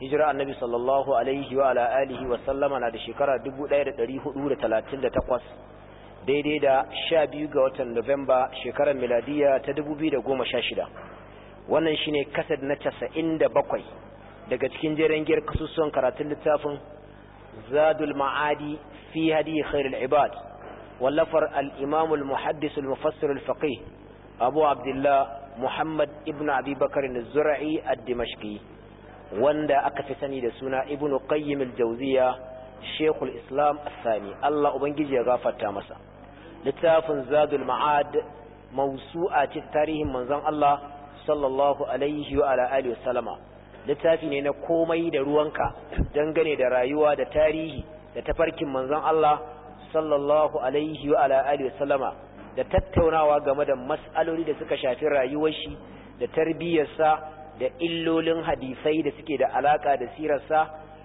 hijira annabi sallallahu alaihi wa ala alihi wa sallama na da shekara 1438 daidai da 12 ga watan Nuwamba shekarar miladiya ta 2016 wannan shine kasad na 97 daga cikin jeren giyar kasusuwan karatun littafin Zadul Ma'adi fi hadi khairul ibad wallafar al-Imam al-Muhaddis al-Mufassir al-Faqih Abu Abdullah Muhammad ibn Abi Bakr az-Zura'i ad-Dimashqi wanda aka fi sani da suna ibnu qayyim al-jawziya shekul islam al-thani Allah ubangiji ya gafarta masa littafin zadul ma'ad mawsu'a ce tarihin manzon Allah sallallahu alaihi wa ala alihi wasallama littafi ne na komai da ruwanka dangane da rayuwa da tarihi da tafarkin manzon Allah sallallahu alaihi wa ala alihi wasallama da tattaunawa game da mas'aloli da suka shafi rayuwar shi da tarbiyyarsa da illolin hadisai da suke da alaka da sirarsa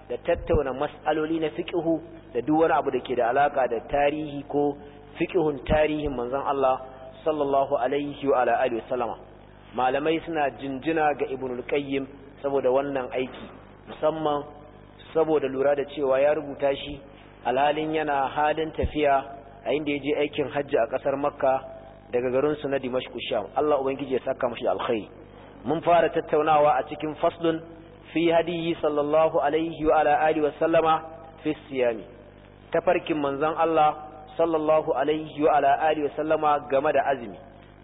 da tattauna mas'aloli na fiqhu da duk wani abu da ke da alaka da tarihi ko fiqhun tarihin manzon Allah sallallahu alaihi wa ala alihi wasallama malamai suna jinjina ga al qayyim saboda wannan aiki musamman saboda lura da cewa ya rubuta shi alhalin yana halin tafiya a inda ya je aikin hajji a ƙasar makka daga garinsu na dimashku sham Allah ubangiji ya saka mashi alkhairi mun fara tattaunawa a cikin faslun fi hadiyi sallallahu alaihi wa ala alihi wa sallama fi siyami tafarkin manzon Allah sallallahu alaihi wa ala alihi wa sallama game da azumi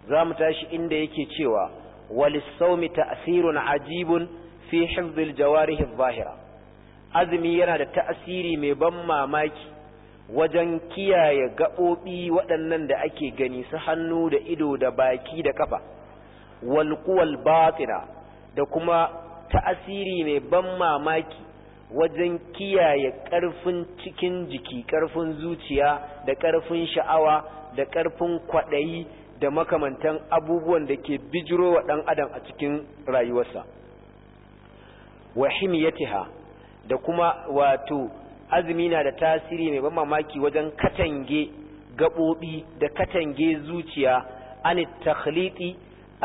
zamu tashi inda yake cewa sawmi ta'sirun ajibun fi hifdhil jawarih adh-dhahira azumi yana da ta'asiri mai ban mamaki wajen kiyaye gaɓoɓi waɗannan da ake gani su hannu da ido da baki da kafa Walƙuwal batina da kuma ta'asiri mai ban mamaki wajen kiyaye ƙarfin cikin jiki ƙarfin zuciya da ƙarfin sha'awa da ƙarfin kwaɗayi da makamantan abubuwan da ke bijiro wa ɗan adam a cikin rayuwarsa wa himiyatiha da kuma wato azumi na da tasiri mai ban mamaki wajen katange gaɓoɓi da katange zuciya ani takhliti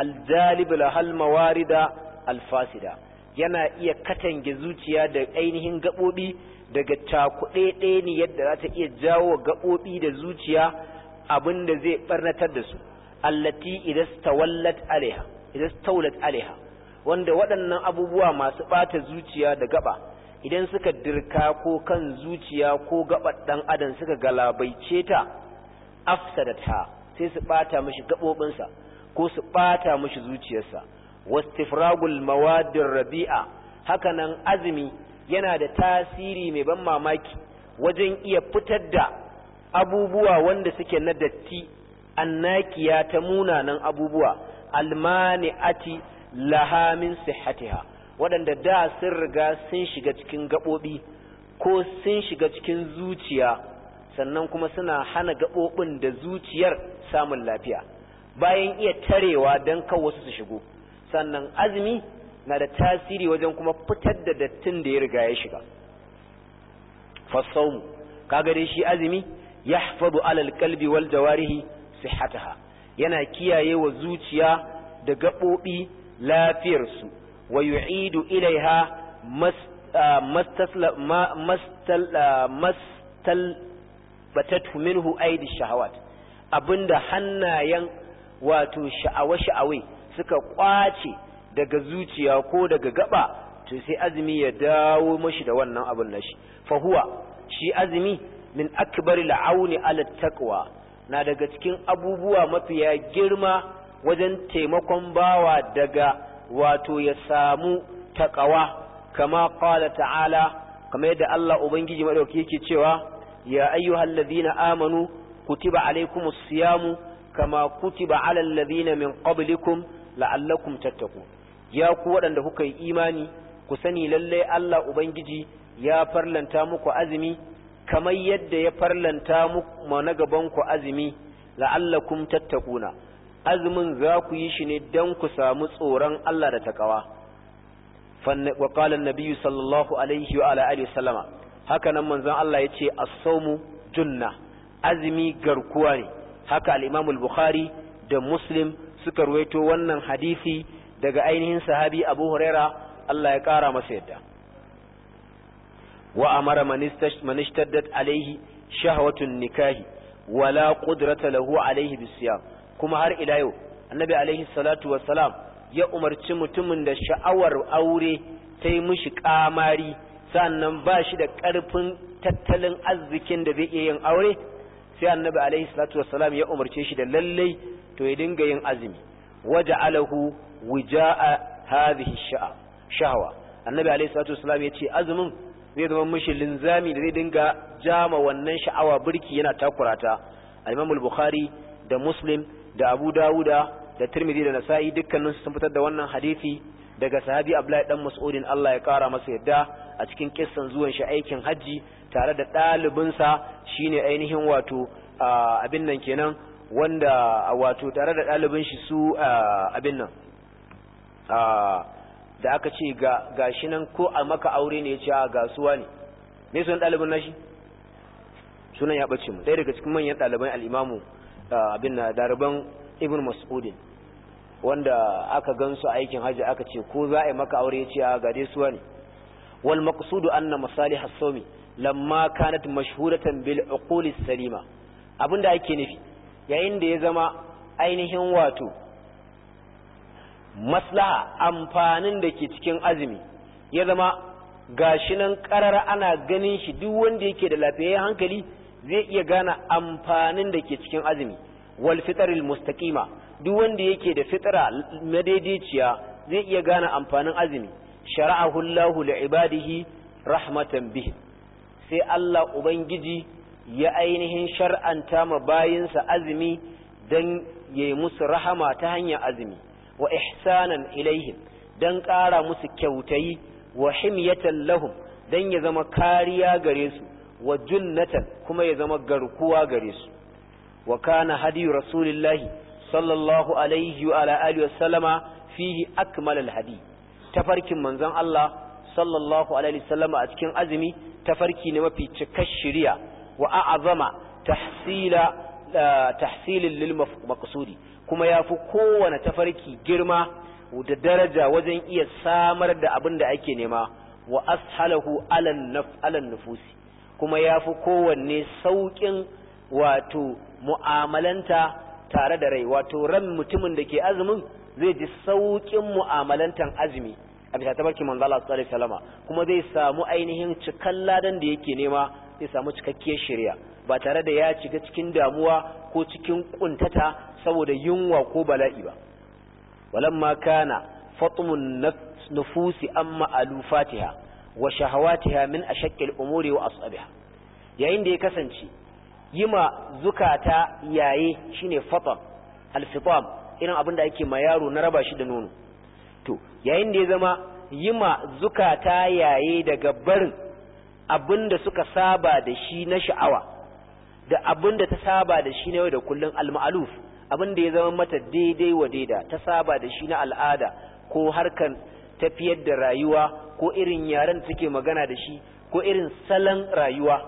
aljalib lahal mawarida alfasida yana iya katange zuciya da ainihin gabobi daga cakuɗe ɗaya ne yadda za ta iya jawo gabobi da zuciya abinda zai ɓarnatar da su allati idastawallat alaiha idastawlat alaiha wanda waɗannan abubuwa masu ɓata zuciya da gaɓa idan suka dirka ko kan zuciya ko gaɓa ɗan adam suka galabaice ta afsadata sai su ɓata mashi gaɓoɓinsa ko su ɓata mashi zuciyarsa wastifragul mawadin rabi'a hakanan azumi yana da tasiri mai ban mamaki wajen iya fitar da abubuwa wanda suke na datti annakiya ta munanan abubuwa almani'ati laha min sihhatiha waɗanda da sun riga sun shiga cikin gaɓoɓi ko sun shiga cikin zuciya sannan kuma suna hana gaɓoɓin da zuciyar samun lafiya bayan iya tarewa don kan wasu su shigo sannan azumi na da tasiri wajen kuma fitar da dattin da ya riga ya shiga fasaumu kaga dai shi azumi yahfadu alal kalbi wal jawarihi hataha yana kiyaye wa zuciya da gabobi lafiyarsu wa yu'idu ilaiha mastal batatu minhu aidi shahawat abinda hannayen wato sha'awa-sha'awai suka kwace daga zuciya ko daga gaba to sai azumi ya dawo mashi da wannan abin nashi fa huwa shi azumi min akbar la'auni ala taqwa na daga cikin abubuwa mafiya girma wajen taimakon bawa daga wato ya samu taqwa kama qala ta'ala kamar yadda Allah ubangiji madauki yake cewa ya ayyuhallazina amanu kutiba alaykumus siyamu kama kutiba alal ladina min qablikum la'allakum tattaqun ya ku waɗanda kuka yi imani ku sani lallai Allah ubangiji ya farlanta muku azumi kamar yadda ya farlanta muku na gaban ku azumi la'allakum tattaquna azumin za ku yi shi ne dan ku samu tsoron Allah da takawa wa qala an-nabiyyu sallallahu alaihi wa ala alihi wasallama haka nan manzon Allah yace as-sawmu junna azumi garkuwa ne haka al-Imam al-Bukhari da Muslim suka ruwaito wannan hadisi daga ainihin sahabi Abu Huraira Allah ya ƙara masa yadda wa amara man ishtaddat alaihi shahwatun nikahi wala qudrata lahu alaihi bisiyam kuma har ila yau annabi alaihi salatu wassalam ya umarci mutumin da sha'awar aure ta yi mishi kamari sannan ba shi da ƙarfin tattalin arzikin da zai iya yin aure sai annabi alaihi salatu wassalam ya umarce shi da lallai to ya dinga yin azumi alahu wija'a hadhihi shahwa annabi alaihi salatu wassalam ya ce azumin zai zama mishi linzami da zai dinga jama wannan sha'awa birki yana takurata al-imam al-bukhari da muslim da abu dawuda da tirmidhi da nasa'i dukkanin sun fitar da wannan hadisi daga sahabi abdullahi dan mas'udin Allah ya kara masa yadda a cikin kissan zuwan shi aikin haji tare da ɗalibinsa shine ainihin wato abin nan kenan wanda wato tare da ɗalibin shi su abin nan da aka ce ga shi nan ko a maka aure ne ya ce ga suwa ne ne sunan ɗalibin nashi sunan ya ɓace mu ɗaya daga cikin manyan ɗaliban al'imamu abin na daraban ibn mas'udin wanda aka gansu aikin hajji aka ce ko za a yi maka aure ya ce ga dai suwa ne wal maqsudu anna masalihas sawmi lamma kanat mashhuratan bil uquli salima abinda ake nufi yayin da ya zama ainihin wato maslaha amfanin da ke cikin azumi ya zama gashi nan karar ana ganin shi duk wanda yake da lafiyayyen hankali zai iya gane amfanin da ke cikin azumi wal fitaril mustaqima duk wanda yake da fitara madaidaiciya zai iya gane amfanin azumi shara'ahu Allahu li ibadihi rahmatan bihi sai Allah Ubangiji ya ainihin shar'anta ma bayinsa azumi don ya yi musu rahama ta hanyar azumi wa ihsanan ilaihim don ƙara musu kyautayi wa himyatan lahum don ya zama kariya gare su wa junnatan kuma ya zama garkuwa gare su wa kana hadiyu rasulillahi sallallahu alaihi wa alihi wa fihi akmalal hadi tafarkin manzon Allah sallallahu alaihi wa a cikin azumi tafarki ne mafi cikar shiriya wa a'azama azama eh, tahsilin lil maqsudi kuma fi kowane tafarki girma da daraja wajen iya samar da abin da ake nema wa ashalahu alan nufusi kuma ya fi kowanne sauƙin wato mu'amalanta tare da rai wato ran mutumin da ke azumin zai ji sauƙin mu'amalantan azumi a bisa tabarki manzo Allah sallallahu alaihi wasallama kuma zai samu ainihin cikan ladan da yake nema zai samu cikakkiyar shari'a ba tare da ya shiga cikin damuwa ko cikin kuntata saboda yunwa ko bala'i ba walamma kana fatmun nufusi amma alufatiha wa shahawatiha min ashaqqil umuri wa ashabiha yayin da ya kasance yima zukata yaye shine fatam alfitam irin abin da ake ma yaro na raba shi da nono to yayin da ya zama yi yima zukata yaye daga barin abinda suka saba da shi na sha'awa da abin da ta saba da shi na yau da kullun al abin ya zama mata daidai wa daida ta saba da shi na al'ada ko harkan tafiyar da rayuwa ko irin yaren suke magana da shi ko irin salon rayuwa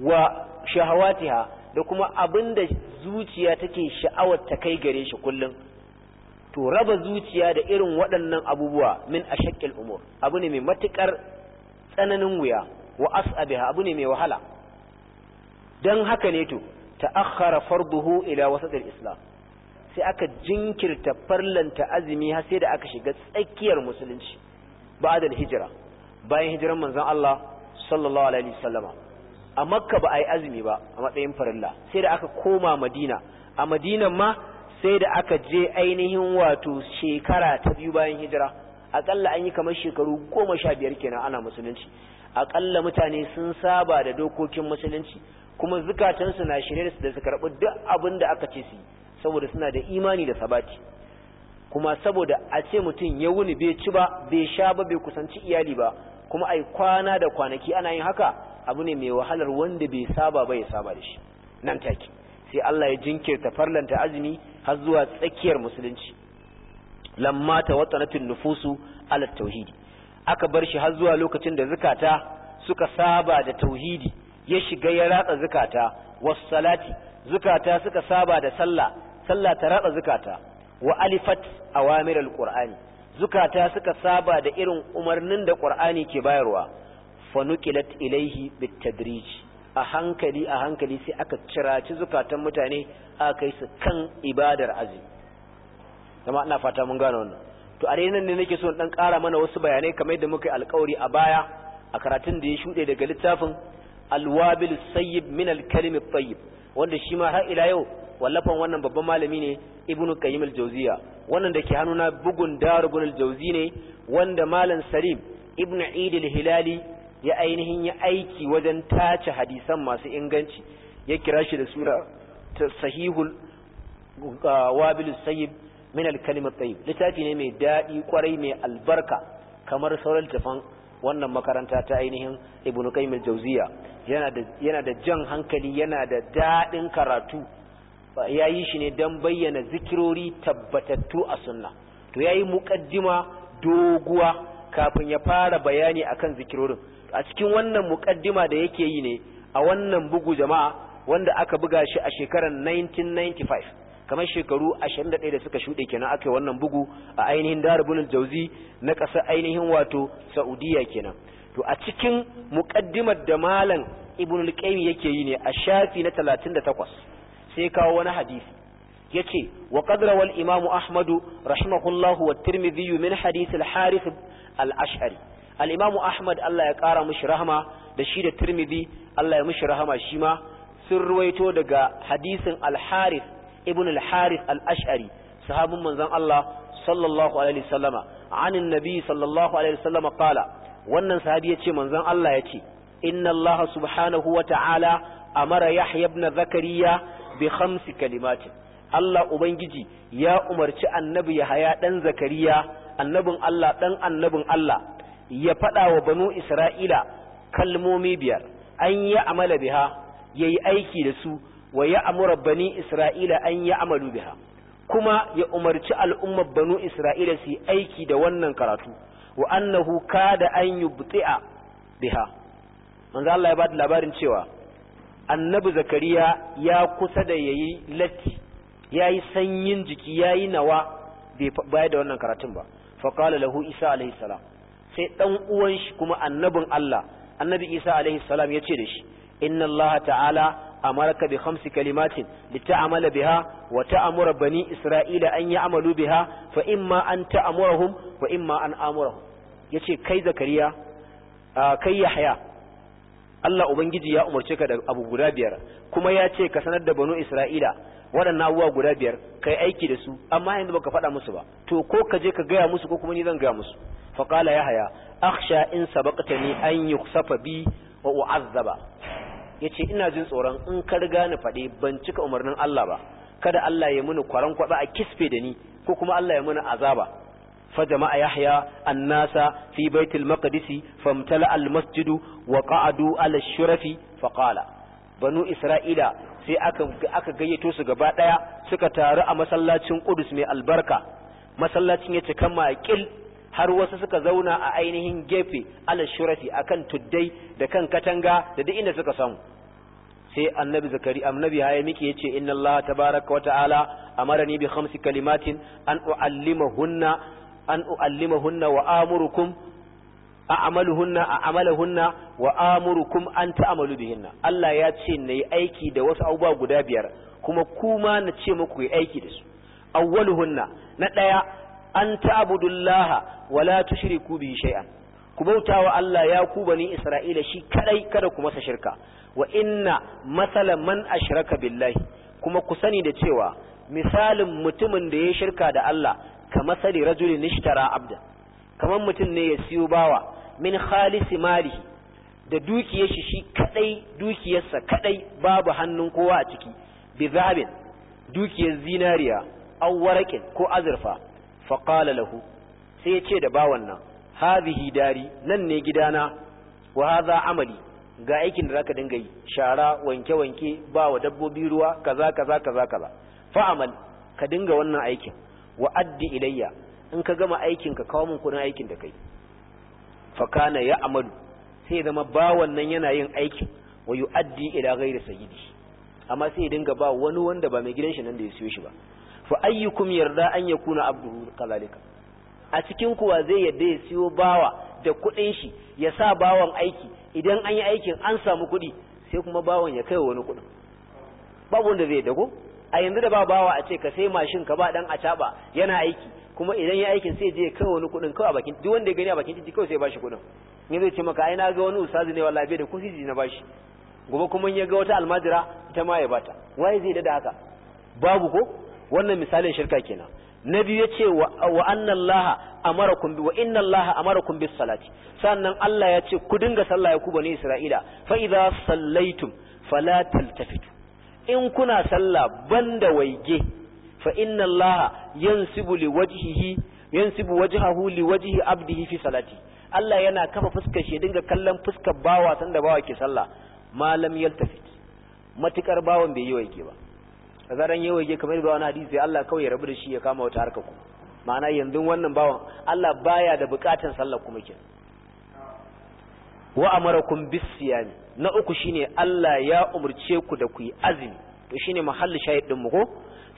wa shahawatiha da kuma abinda zuciya take sha'awar ta kai gare shi kullum to raba zuciya da irin waɗannan abubuwa min shakil umur abu ne mai matukar tsananin wuya wa as'abiha abu ne mai wahala Don haka ne to akhara farduhu ila wasatil islam sai aka jinkirta farlanta azumi har sai da aka shiga tsakiyar musulunci ba da hijira bayan hijiran manzon Allah sallallahu alaihi wasallama a makka ba a yi azumi ba a matsayin farilla sai da aka koma madina a madinan ma sai da aka je ainihin wato shekara ta biyu bayan hijira aƙalla an yi kamar shekaru goma sha biyar kenan ana musulunci aƙalla mutane sun saba da dokokin musulunci kuma zukatansu na shirye da su karɓi duk abin da aka ce su saboda suna da imani da sabati kuma saboda a ce mutum ya wuni bai ci ba bai sha ba bai kusanci iyali ba kuma ai kwana da kwanaki ana yin haka abu ne mai wahalar wanda bai saba ba ya saba da shi nan take sai Allah ya jinkirta farlanta azumi har zuwa tsakiyar musulunci lamma ta tawattanatin nufusu ala tauhidi aka bar shi har zuwa lokacin da zukata suka saba da tauhidi ya shiga ya ratsa zukata was salati zukata suka saba da sallah sallah ta ratsa zukata wa alifat awamir alqur'ani zukata suka saba da irin umarnin da qur'ani ke bayarwa fa nuqilat ilayhi bitadrij a hankali a hankali sai aka ciraci zukatan mutane aka kai su kan ibadar azumi kuma ina fata mun gane wannan to a nan ne nake so dan kara mana wasu bayanai kamar yadda muka yi alƙawari a baya a karatun da ya shuɗe daga littafin alwabil sayyib min alkalim at-tayyib wanda shi ma har ila yau wallafan wannan babban malami ne ibnu qayyim al-jawziya wannan da ke hannuna bugun darugul jawzi ne wanda malam salim ibnu eid hilali ya ainihin ya aiki wajen tace hadisan masu inganci ya kira shi da sura ta sahihul uh, wabilus sayyib min al-kalimat littafi ne mai daɗi kwarai mai albarka kamar sauran tafan wannan makaranta ta ainihin ibn qayyim jawziya yana da jan hankali yana da daɗin karatu yayi shi ne don bayyana zikirori tabbatattu a sunna to yayi muqaddima doguwa kafin ya fara bayani akan zikirorin a cikin wannan mukaddima da yake yi ne a wannan bugu jama'a wanda aka buga shi a shekarar 1995 kamar shekaru 21 da suka shuɗe kenan aka yi wannan bugu a ainihin darabunul jauzi na ƙasar ainihin wato saudiya kenan to a cikin mukaddimar da malam ibn al yake yi ne a shafi na 38 sai kawo wani hadisi yace wa qad rawal imamu ahmadu rahimahullahu wa tirmidhi min hadith al-harith al-ash'ari Al'imamu imamu ahmad Allah ya kara mushi rahama da shi da tirmidhi Allah ya mushi rahama shi ma sun ruwaito daga hadisin al-harith ibn al-harith al-ash'ari sahabin manzon Allah sallallahu alaihi wasallama anin nabi sallallahu alaihi wasallama qala wannan sahabi yace manzon Allah ce. inna Allah subhanahu wa ta'ala amara yahya ibn zakariya bi khamsi kalimatin Allah Ubangiji ya umarci annabi Yahaya ɗan Zakariya, annabin Allah ɗan annabin Allah, ya faɗa wa banu isra'ila kalmomi biyar an yi amala biha ya yi aiki da su wa ya amura bani isra'ila an yi amalu biha kuma ya umarci al'ummar banu isra'ila su yi aiki da wannan karatu wa annahu kada an yubti'a biha manzo Allah ya bada labarin cewa annabi zakariya ya kusa da yayi latti yayi sanyin jiki yayi nawa bai bayar da wannan karatun ba fa qala lahu isa alayhi salam sai dan uwan shi kuma annabin Allah annabi Isa alaihi salam yace da shi inna Allah ta'ala amaraka bi khamsi kalimatin lita'amala biha wa ta'amura bani isra'ila an ya'malu biha fa imma an ta'amurahum wa imma an amurahum yace kai zakariya kai yahya Allah ubangiji ya umarce ka da abu guda biyar kuma ya ce ka sanar da banu isra'ila waɗannan abubuwa guda biyar kai aiki da su amma yanzu baka faɗa musu ba to ko ka je ka gaya musu ko kuma ni zan gaya musu fa qala yahya akhsha in sabaqtani an yuksafa bi wa u'azzaba yace ina jin tsoron in ka riga ni faɗe ban cika umarnin Allah ba kada Allah ya muni kwaran kwaba a kisfe da ni ko kuma Allah ya muni azaba fa jama'a yahya annasa fi baitil maqdis famtala al masjidu wa qa'adu ala shurafi fa qala banu isra'ila sai aka gayyato su gaba daya suka taru a masallacin Qudus mai albarka masallacin ya cika maƙil har wasu suka zauna a ainihin gefe ala shurafi akan tuddai da kan katanga da duk inda suka samu sai annabi zakari annabi haya miki yace inna Allah tabaraka wa ta'ala amarani bi khamsi kalimatin an uallimahunna an uallimahunna wa amurukum a'maluhunna a'malahunna wa amurukum an ta'malu bihinna Allah ya ce nayi aiki da wasu abubuwa guda biyar kuma kuma na ce muku yi aiki da su awwaluhunna na daya an ta'budullaha wa la tushriku bihi shay'an ku bautawa Allah ya ku bani Isra'ila shi kadai kada ku masa shirka wa inna masala man ashraka billahi kuma ku sani da cewa misalin mutumin da ya shirka da Allah ka masali rajulin nishtara abda kamar mutum ne ya siyo bawa min khalisi malihi da dukiyar shi shi kadai dukiyarsa kadai babu hannun kowa a ciki bi zabin dukiyar zinariya aw warakin ko azurfa fa qala lahu sai ya ce da bawan nan hadhihi dari nan ne gidana wa hadha amali ga aikin da zaka dinga yi shara wanke wanke ba wa dabbobi ruwa kaza kaza kaza kaza fa amal ka dinga wannan aikin wa addi ilayya in ka gama aikin ka kawo min kudin aikin da kai fakana ya amalu sai ya zama bawan nan yana yin aikin wa addi ila ghairi sayyidi amma sai dinga ba wani wanda ba mai gidan shi nan da ya siyo shi ba fa ayyukum yarda an yakuna abduhu kazalika a cikin kuwa zai yadda ya siyo bawa da kuɗin shi ya sa bawan aiki idan an yi aikin an samu kuɗi sai kuma bawan ya kai wani kuɗin babu wanda zai dago a yanzu da ba bawa a ce ka sai mashin ka ba dan a yana aiki kuma idan ya aikin sai je kai wani kuɗin kawai a bakin duk wanda ya gani a bakin titi kawai sai ya bashi kuɗin ni zai ce maka ai na ga wani ustazi ne wallahi bai da kusiji na bashi gobe kuma ya ga wata almajira ita ma ya bata waye zai dada haka babu ko wannan misalin shirka kenan na biyu yace wa anna Allah amarakum bi wa inna Allah amarakum bis salati sannan Allah ya ce ku dinga sallah ku bani Isra'ila fa idza sallaitum fala taltafitu in kuna sallah banda waige fa inna allaha yansibu liwajhihi yansibu wajhahu liwajhi abdihi fi salati Allah yana kafa fuskar shi dinga kallon fuskar bawa sanda bawa ke sallah malam yaltafit matukar bawan bai yi waike ba a zaran yi waike kamar ba wani hadisi Allah kawai ya rabu da shi ya kama wata harka ku ma'ana yanzu wannan bawan Allah baya da bukatan sallah kuma kenan wa amarakum bis siyami na uku shine Allah ya umurce ku da ku yi azumi to shine mahalli shahid din mu ko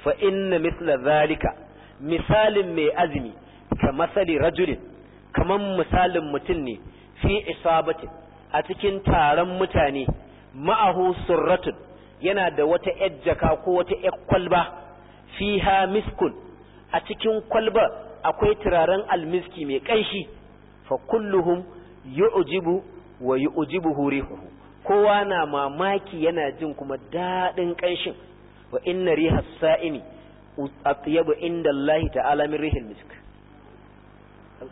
fa inna mithla zalika misalin mai azumi ka masali rajulin kaman misalin mutum ne fi isabatin a cikin taron mutane ma'ahu surratun yana da wata ejjaka ko wata kwalba fiha miskun a cikin kwalba akwai turaren almiski mai kanshi fa kulluhum yu'jibu wa yu'jibu rihuhu kowa na mamaki yana jin kuma dadin kanshin wa inna riha sa'imi atyabu inda Allah ta'ala min rihil misk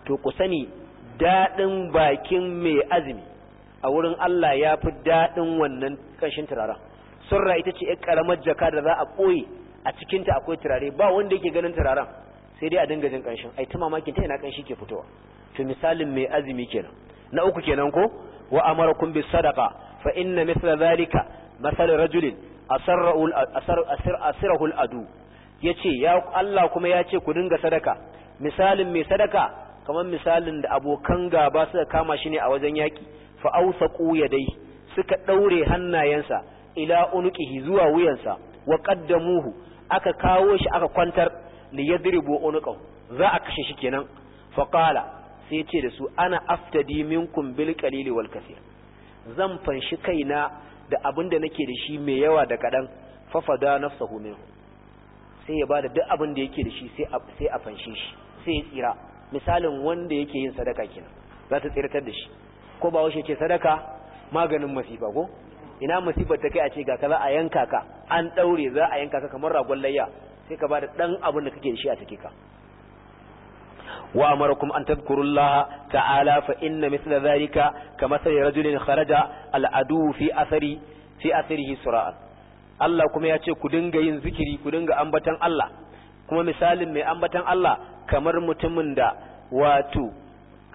to ku sani dadin bakin mai azumi a wurin Allah ya fi dadin wannan kashin turaren surra ita ce karamar jaka da za a koyi a cikin ta akwai turare ba wanda yake ganin turaren sai dai a dinga jin kanshin ai ta mamakin ta ina kanshi ke fitowa to misalin mai azumi kenan na uku kenan ko wa amarakum bis sadaqa fa inna mithla zalika masal rajulin asirahul adu ya ce Allah kuma ya ce ku dinga sadaka misalin mai sadaka kamar misalin da abokan gaba suka kama shi ne a wajen yaƙi fa'ausaƙu ya dai suka ɗaure hannayensa ila unuƙihi zuwa wuyansa wa ƙaddamuhu aka kawo shi aka kwantar li yadribu unuqahu za a kashe shi kenan fa qala sai ce da su ana aftadi minkum bil qalili wal kaseer zan fanshi kaina da abin da nake da shi mai yawa da kaɗan fafada nafsa hume sai ya bada duk abin da yake da shi sai a fanshe shi sai ya tsira misalin wanda yake yin sadaka kenan za ta tsirtar da shi ko ba washe ce sadaka maganin masifa ko ina masifa ta kai a ce ga za a yanka ka an daure za a yanka ka kamar ragon layya sai ka bada dan abin da kake da shi a take ka wa amarakum an tadhkurullaha ta'ala fa inna mithla dhalika kama sai rajulin kharaja al'adu fi athari fi Allah kuma ya ce ku dinga yin zikiri ku dinga ambatan Allah kuma misalin mai ambatan Allah kamar mutumin da wato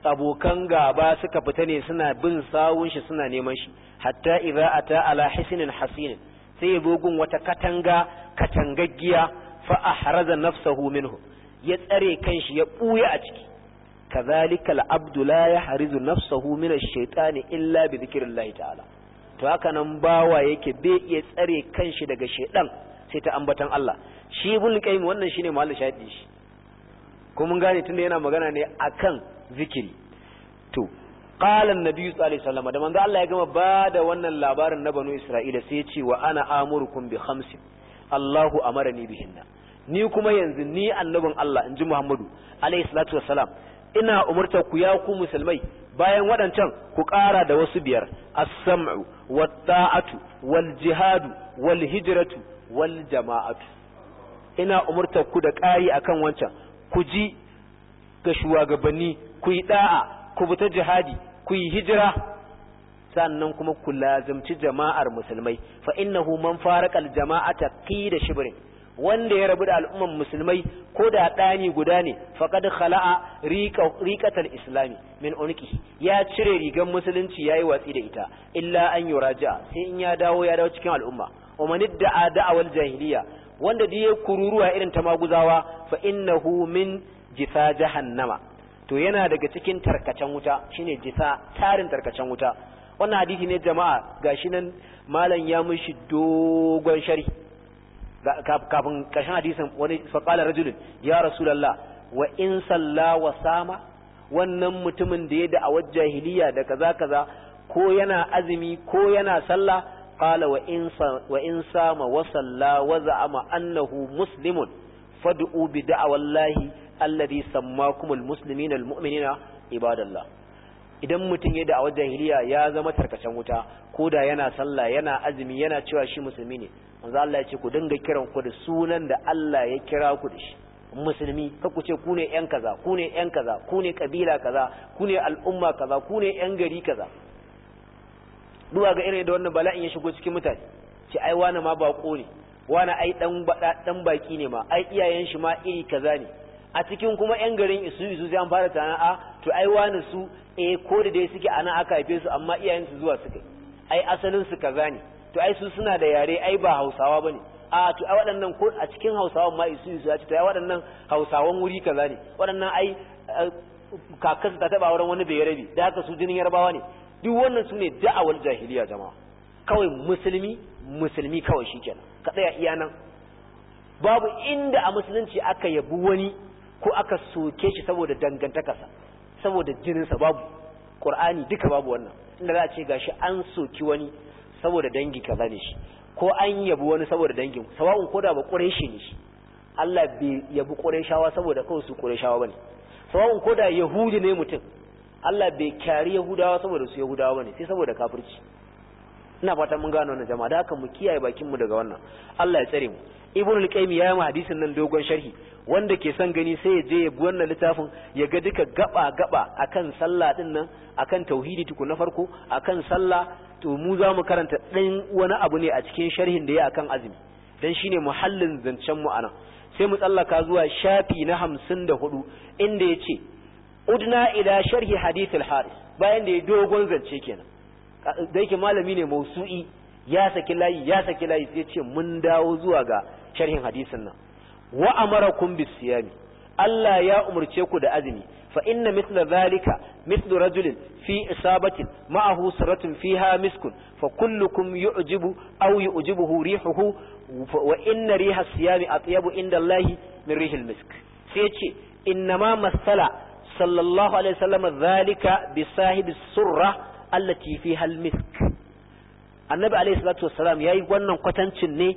abokan gaba suka fita ne suna bin sawun shi suna neman shi hatta idza ata ala hisnin hasinin sai ya bogun wata katanga katangaggiya fa ahraza nafsahu minhu ya tsare kanshi ya ɓuya a ciki kazalika al-abdu la yahrizu nafsahu min ne shaytani illa bi ta'ala to haka nan bawa yake bai iya tsare kanshi daga shedan sai ta ambatan Allah shi ibn qayyim wannan shine mahallin shahidi shi kuma mun gane tunda yana magana ne akan zikiri to qala na nabi sallallahu alaihi wasallam da manzo Allah ya gama ba da wannan labarin na banu isra'ila sai ya ce wa ana amurukum bi khamsin Allahu amarani bihinna ni kuma yanzu ni annabin Allah in ji Muhammadu alayhi salatu wassalam ina umurta ku ya ku musulmai bayan waɗancan ku ƙara da wasu biyar as-sam'u wat-ta'atu wal-jihadu wal-hijratu wal-jama'atu ina umurta ku da ƙari akan wancan ku ji ga shugabanni ku yi da'a ku buta jihadi ku yi hijira sannan kuma ku lazimci jama'ar musulmai fa innahu man faraqal jama'ata qida shibrin wanda ya rabu da al'umman musulmai ko da ɗani guda ne faƙad khala'a riƙatar islami min unuki ya cire rigar musulunci ya yi watsi da ita illa an yi raja sai in ya dawo ya dawo cikin al'umma da da'a da'awar jahiliya wanda da ya kururuwa irin ta maguzawa fa hu min jisa jahannama to yana daga cikin tarkacen wuta shine jisa tarin tarkacen wuta wannan hadisi ne jama'a gashi nan malam ya mushi dogon sharhi kafin ƙarshen hadisin wani faƙala rajulun ya rasulallah wa in salla sama wannan mutumin da ya da'awar jahiliya da kaza kaza ko yana azumi ko yana sallah qala wa in wa in sama wa salla wa za'ama annahu muslimun fad'u bi da'wallahi alladhi sammakumul muslimina almu'minina ibadallah idan mutum ya da'awar jahiliya ya zama tarkacen wuta ko da yana sallah yana azumi yana cewa shi musulmi ne manzo Allah ya ce ku dinga kiran ku da sunan da Allah ya kira ku da shi musulmi ka ku ce ku ne yan kaza ku ne yan kaza ku ne kabila kaza ku ne al'umma kaza ku ne yan gari kaza duwa ga irin da wannan bala'in ya shigo cikin mutane ce ai wani ma bako ne wani ai dan dan baki ne ma ai iyayen shi ma iri kaza ne a cikin kuma yan garin isu isu sai an fara tana a to ai wani su eh ko da dai suke ana aka haife su amma iyayensu zuwa suka ai asalin su kaza ne to ai su suna da yare ai ba Hausawa bane a to ai waɗannan ko a cikin Hausawan ma isu su ya ce to ai waɗannan Hausawan wuri kaza ne waɗannan ai eh, su ta taba wurin wani bai rabi da haka su jinin Yarbawa ne duk wannan su ne da'awar jahiliya jama'a kawai musulmi musulmi kawai shikenan ka tsaya iya nan babu inda a musulunci aka yabi wani ko aka soke shi saboda dangantakarsa saboda jininsa babu qur'ani duka babu wannan inda za a ce gashi an soki wani saboda dangi kaza ne shi ko an yabi wani saboda dangin sawa'un ko da ba quraishi ne shi Allah bai yabi qurayshawa saboda kawai su qurayshawa bane sawa'un ko da yahudi ne mutum Allah bai kyari yahudawa saboda su yahudawa bane sai saboda kafirci ina fatan mun gano wannan jama'a da haka mu kiyaye bakin mu daga wannan Allah ya tsare mu ibnu al-qayyim ya yi hadisin nan dogon sharhi wanda ke son gani sai ya je ya wannan littafin ya ga duka gaba gaba akan sallah din nan akan tauhidi tuku na farko akan sallah to mu za mu karanta ɗan wani abu ne a cikin sharhin da ya akan azumi dan shine muhallin zancen mu anan sai mu tsallaka zuwa shafi na hamsin da hudu inda ya ce udna ila sharhi hadithul haris bayan da ya dogon zance kenan da yake malami ne mausu'i ya saki layi ya saki layi sai ce mun dawo zuwa ga sharhin hadisin nan wa amarakum bisiyami Allah ya umurce ku da azumi fa inna mithla zalika mithlu rajulin fi isabatin ma'ahu saratun fiha miskun fa kullukum yu'jibu aw yu'jibuhu rihuhu wa inna riha siyami atyabu inda Allah min rihil misk sai ce innama masala sallallahu alaihi wasallam zalika bi sahibi surra allati fiha al misk annabi alaihi salatu wassalam yayi wannan kwatancin ne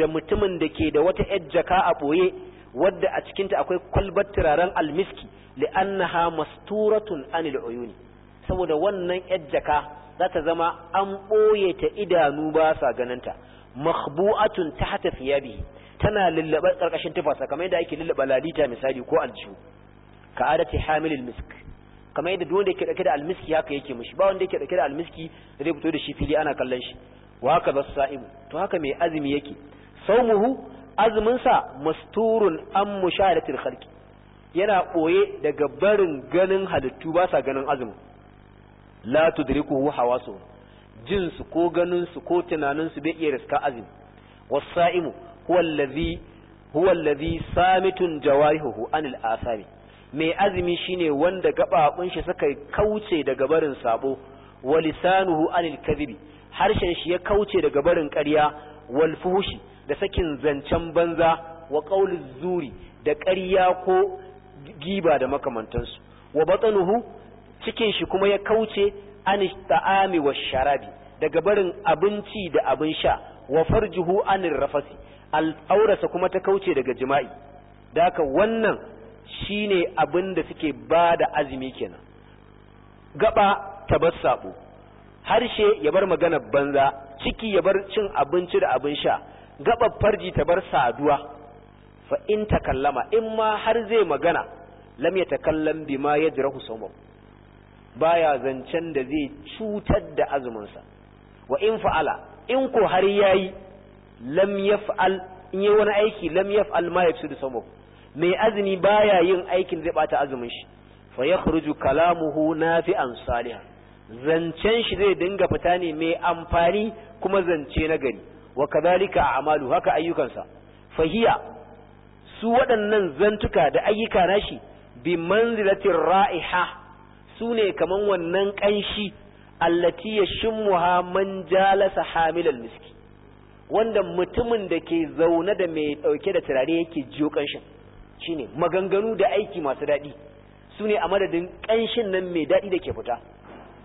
da mutumin da ke da wata yar jaka a ɓoye wadda a cikinta akwai kwalbar turaren almiski li'annaha masturatun anil uyuni saboda wannan yar jaka za ta zama an ɓoye ta idanu ba sa ganinta makhbu'atun tahta thiyabihi tana lullaba karkashin tufasa kamar yadda ake lullaba ladita misali ko aljihu ka adati hamilil misk kamar yadda duk wanda yake dauke da almiski haka yake mishi ba wanda yake dauke da almiski zai fito da shi fili ana kallon shi wa haka bas sa'imu to haka mai azumi yake saumuhu azuminsa masturun an musharatil khalqi yana ɓoye daga barin ganin halittu ba sa ganin azumin la tudrikuhu hawasu su ko ganin su ko tunanin su bai iya riska azumi wasa'imu huwa allazi huwa allazi samitun jawarihu anil asami mai azumi shine wanda gababun shi suka kauce daga barin sabo walisanuhu anil kadhibi harshen shi ya kauce daga barin ƙarya wal fuhushi da sakin zancen banza wa qauluz zuri da ƙarya ko giba da makamantansu wa batanuhu cikin shi kuma ya kauce an ta'ami wa sharabi daga barin abinci da abin sha wa farjuhu anir rafasi al'aurasa kuma ta kauce daga jima'i daka wannan shine abin da suke ba da azumi kenan gaba ta bar saɓo, harshe ya bar magana banza ciki ya bar cin abinci da abin sha gabar farji ta bar saduwa fa in takallama in ma har zai magana lam ya takallam ma yajrahu ba baya zancen da zai cutar da azumin sa wa in fa'ala in ko har yayi lam yaf'al in yi wani aiki lam yaf'al ma da sawm mai azumi baya yin aikin zai bata azumin shi fa yakhruju kalamuhu nafi'an salihan zancen shi zai dinga fita ne mai amfani kuma zance na gari wa kazalika a'malu haka ayyukansa fahiya su waɗannan zantuka da ayyuka nashi bi manzilatir ra'iha sune kaman wannan kanshi allati yashmuha man jalasa hamilal miski wanda mutumin da ke zaune da mai dauke da turare yake jiyo kanshin shine maganganu da aiki masu daɗi sune a madadin kanshin nan mai dadi da ke fita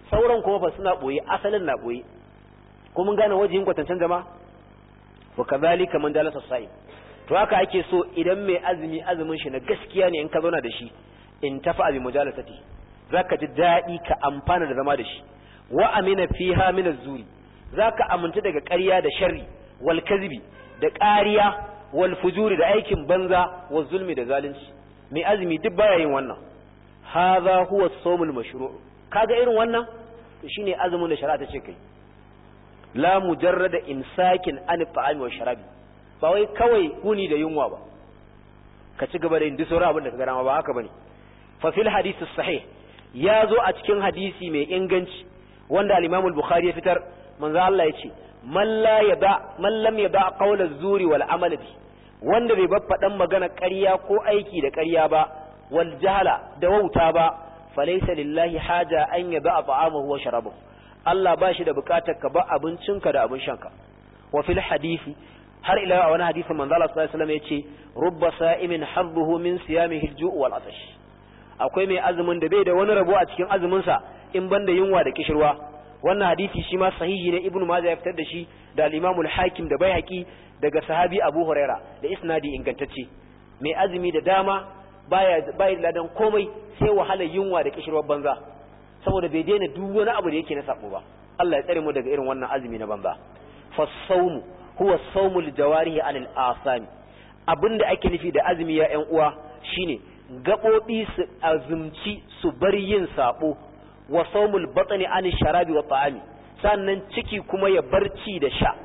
sauran kuma ba suna ɓoye asalin na ɓoye ko mun gane wajen kwatancen jama'a wa kadhalika man jalasa to haka ake so idan mai azumi azumin shi na gaskiya ne in ka zauna da shi in tafi bi mujalasati zaka ji dadi ka amfana da zama da shi wa amina fiha min az-zuri zaka aminta daga ƙarya da sharri wal kadhibi da ƙariya wal fujuri da aikin banza wa zulmi da zalunci mai azumi duk baya yin wannan hadha huwa as-sawmul mashru' kaga irin wannan shine azumin da shari'a ta ce kai la mujarrada imsakin an ta'ami wa sharabi ba wai kawai huni da yunwa ba ka ci gaba da yin duk sauran abin da ka gana ba haka bane fa sahih ya zo a cikin hadisi mai inganci wanda al-Imam al-Bukhari ya fitar manzo Allah ya ce man la yada man lam yada qawla zuri wal amal bi wanda bai bar dan magana ƙarya ko aiki da ƙarya ba wal jahala da wauta ba falaysa lillahi haja an yada ta'amahu wa sharabahu Allah ba shi da bukatar ka ba abincinka da abin shanka wa fil hadisi har ila a wani hadisi manzo Allah sallallahu alaihi wasallam yace rubba sa'imin harbuhu min siyamihi al-ju' wal atash akwai mai azumin da bai da wani rabo a cikin azumin sa in banda yunwa da kishirwa wannan hadisi shi ma sahihi ne ibnu majah ya fitar da shi da al-imam al-hakim da baihaqi daga sahabi abu huraira da isnadi ingantacce mai azumi da dama baya bai ladan komai sai wahalar yunwa da kishirwar banza saboda bai daina duk wani abu da yake na sabo ba Allah ya tsare mu daga irin wannan azumi na banza sawmu huwa sawmu jawarihi anil asami abinda ake nufi da azumi ya ƴan uwa shine gabobi su azumci su bar yin sabo wa sawmu batni anil sharabi wa ta'ami sannan ciki kuma ya bar ci da sha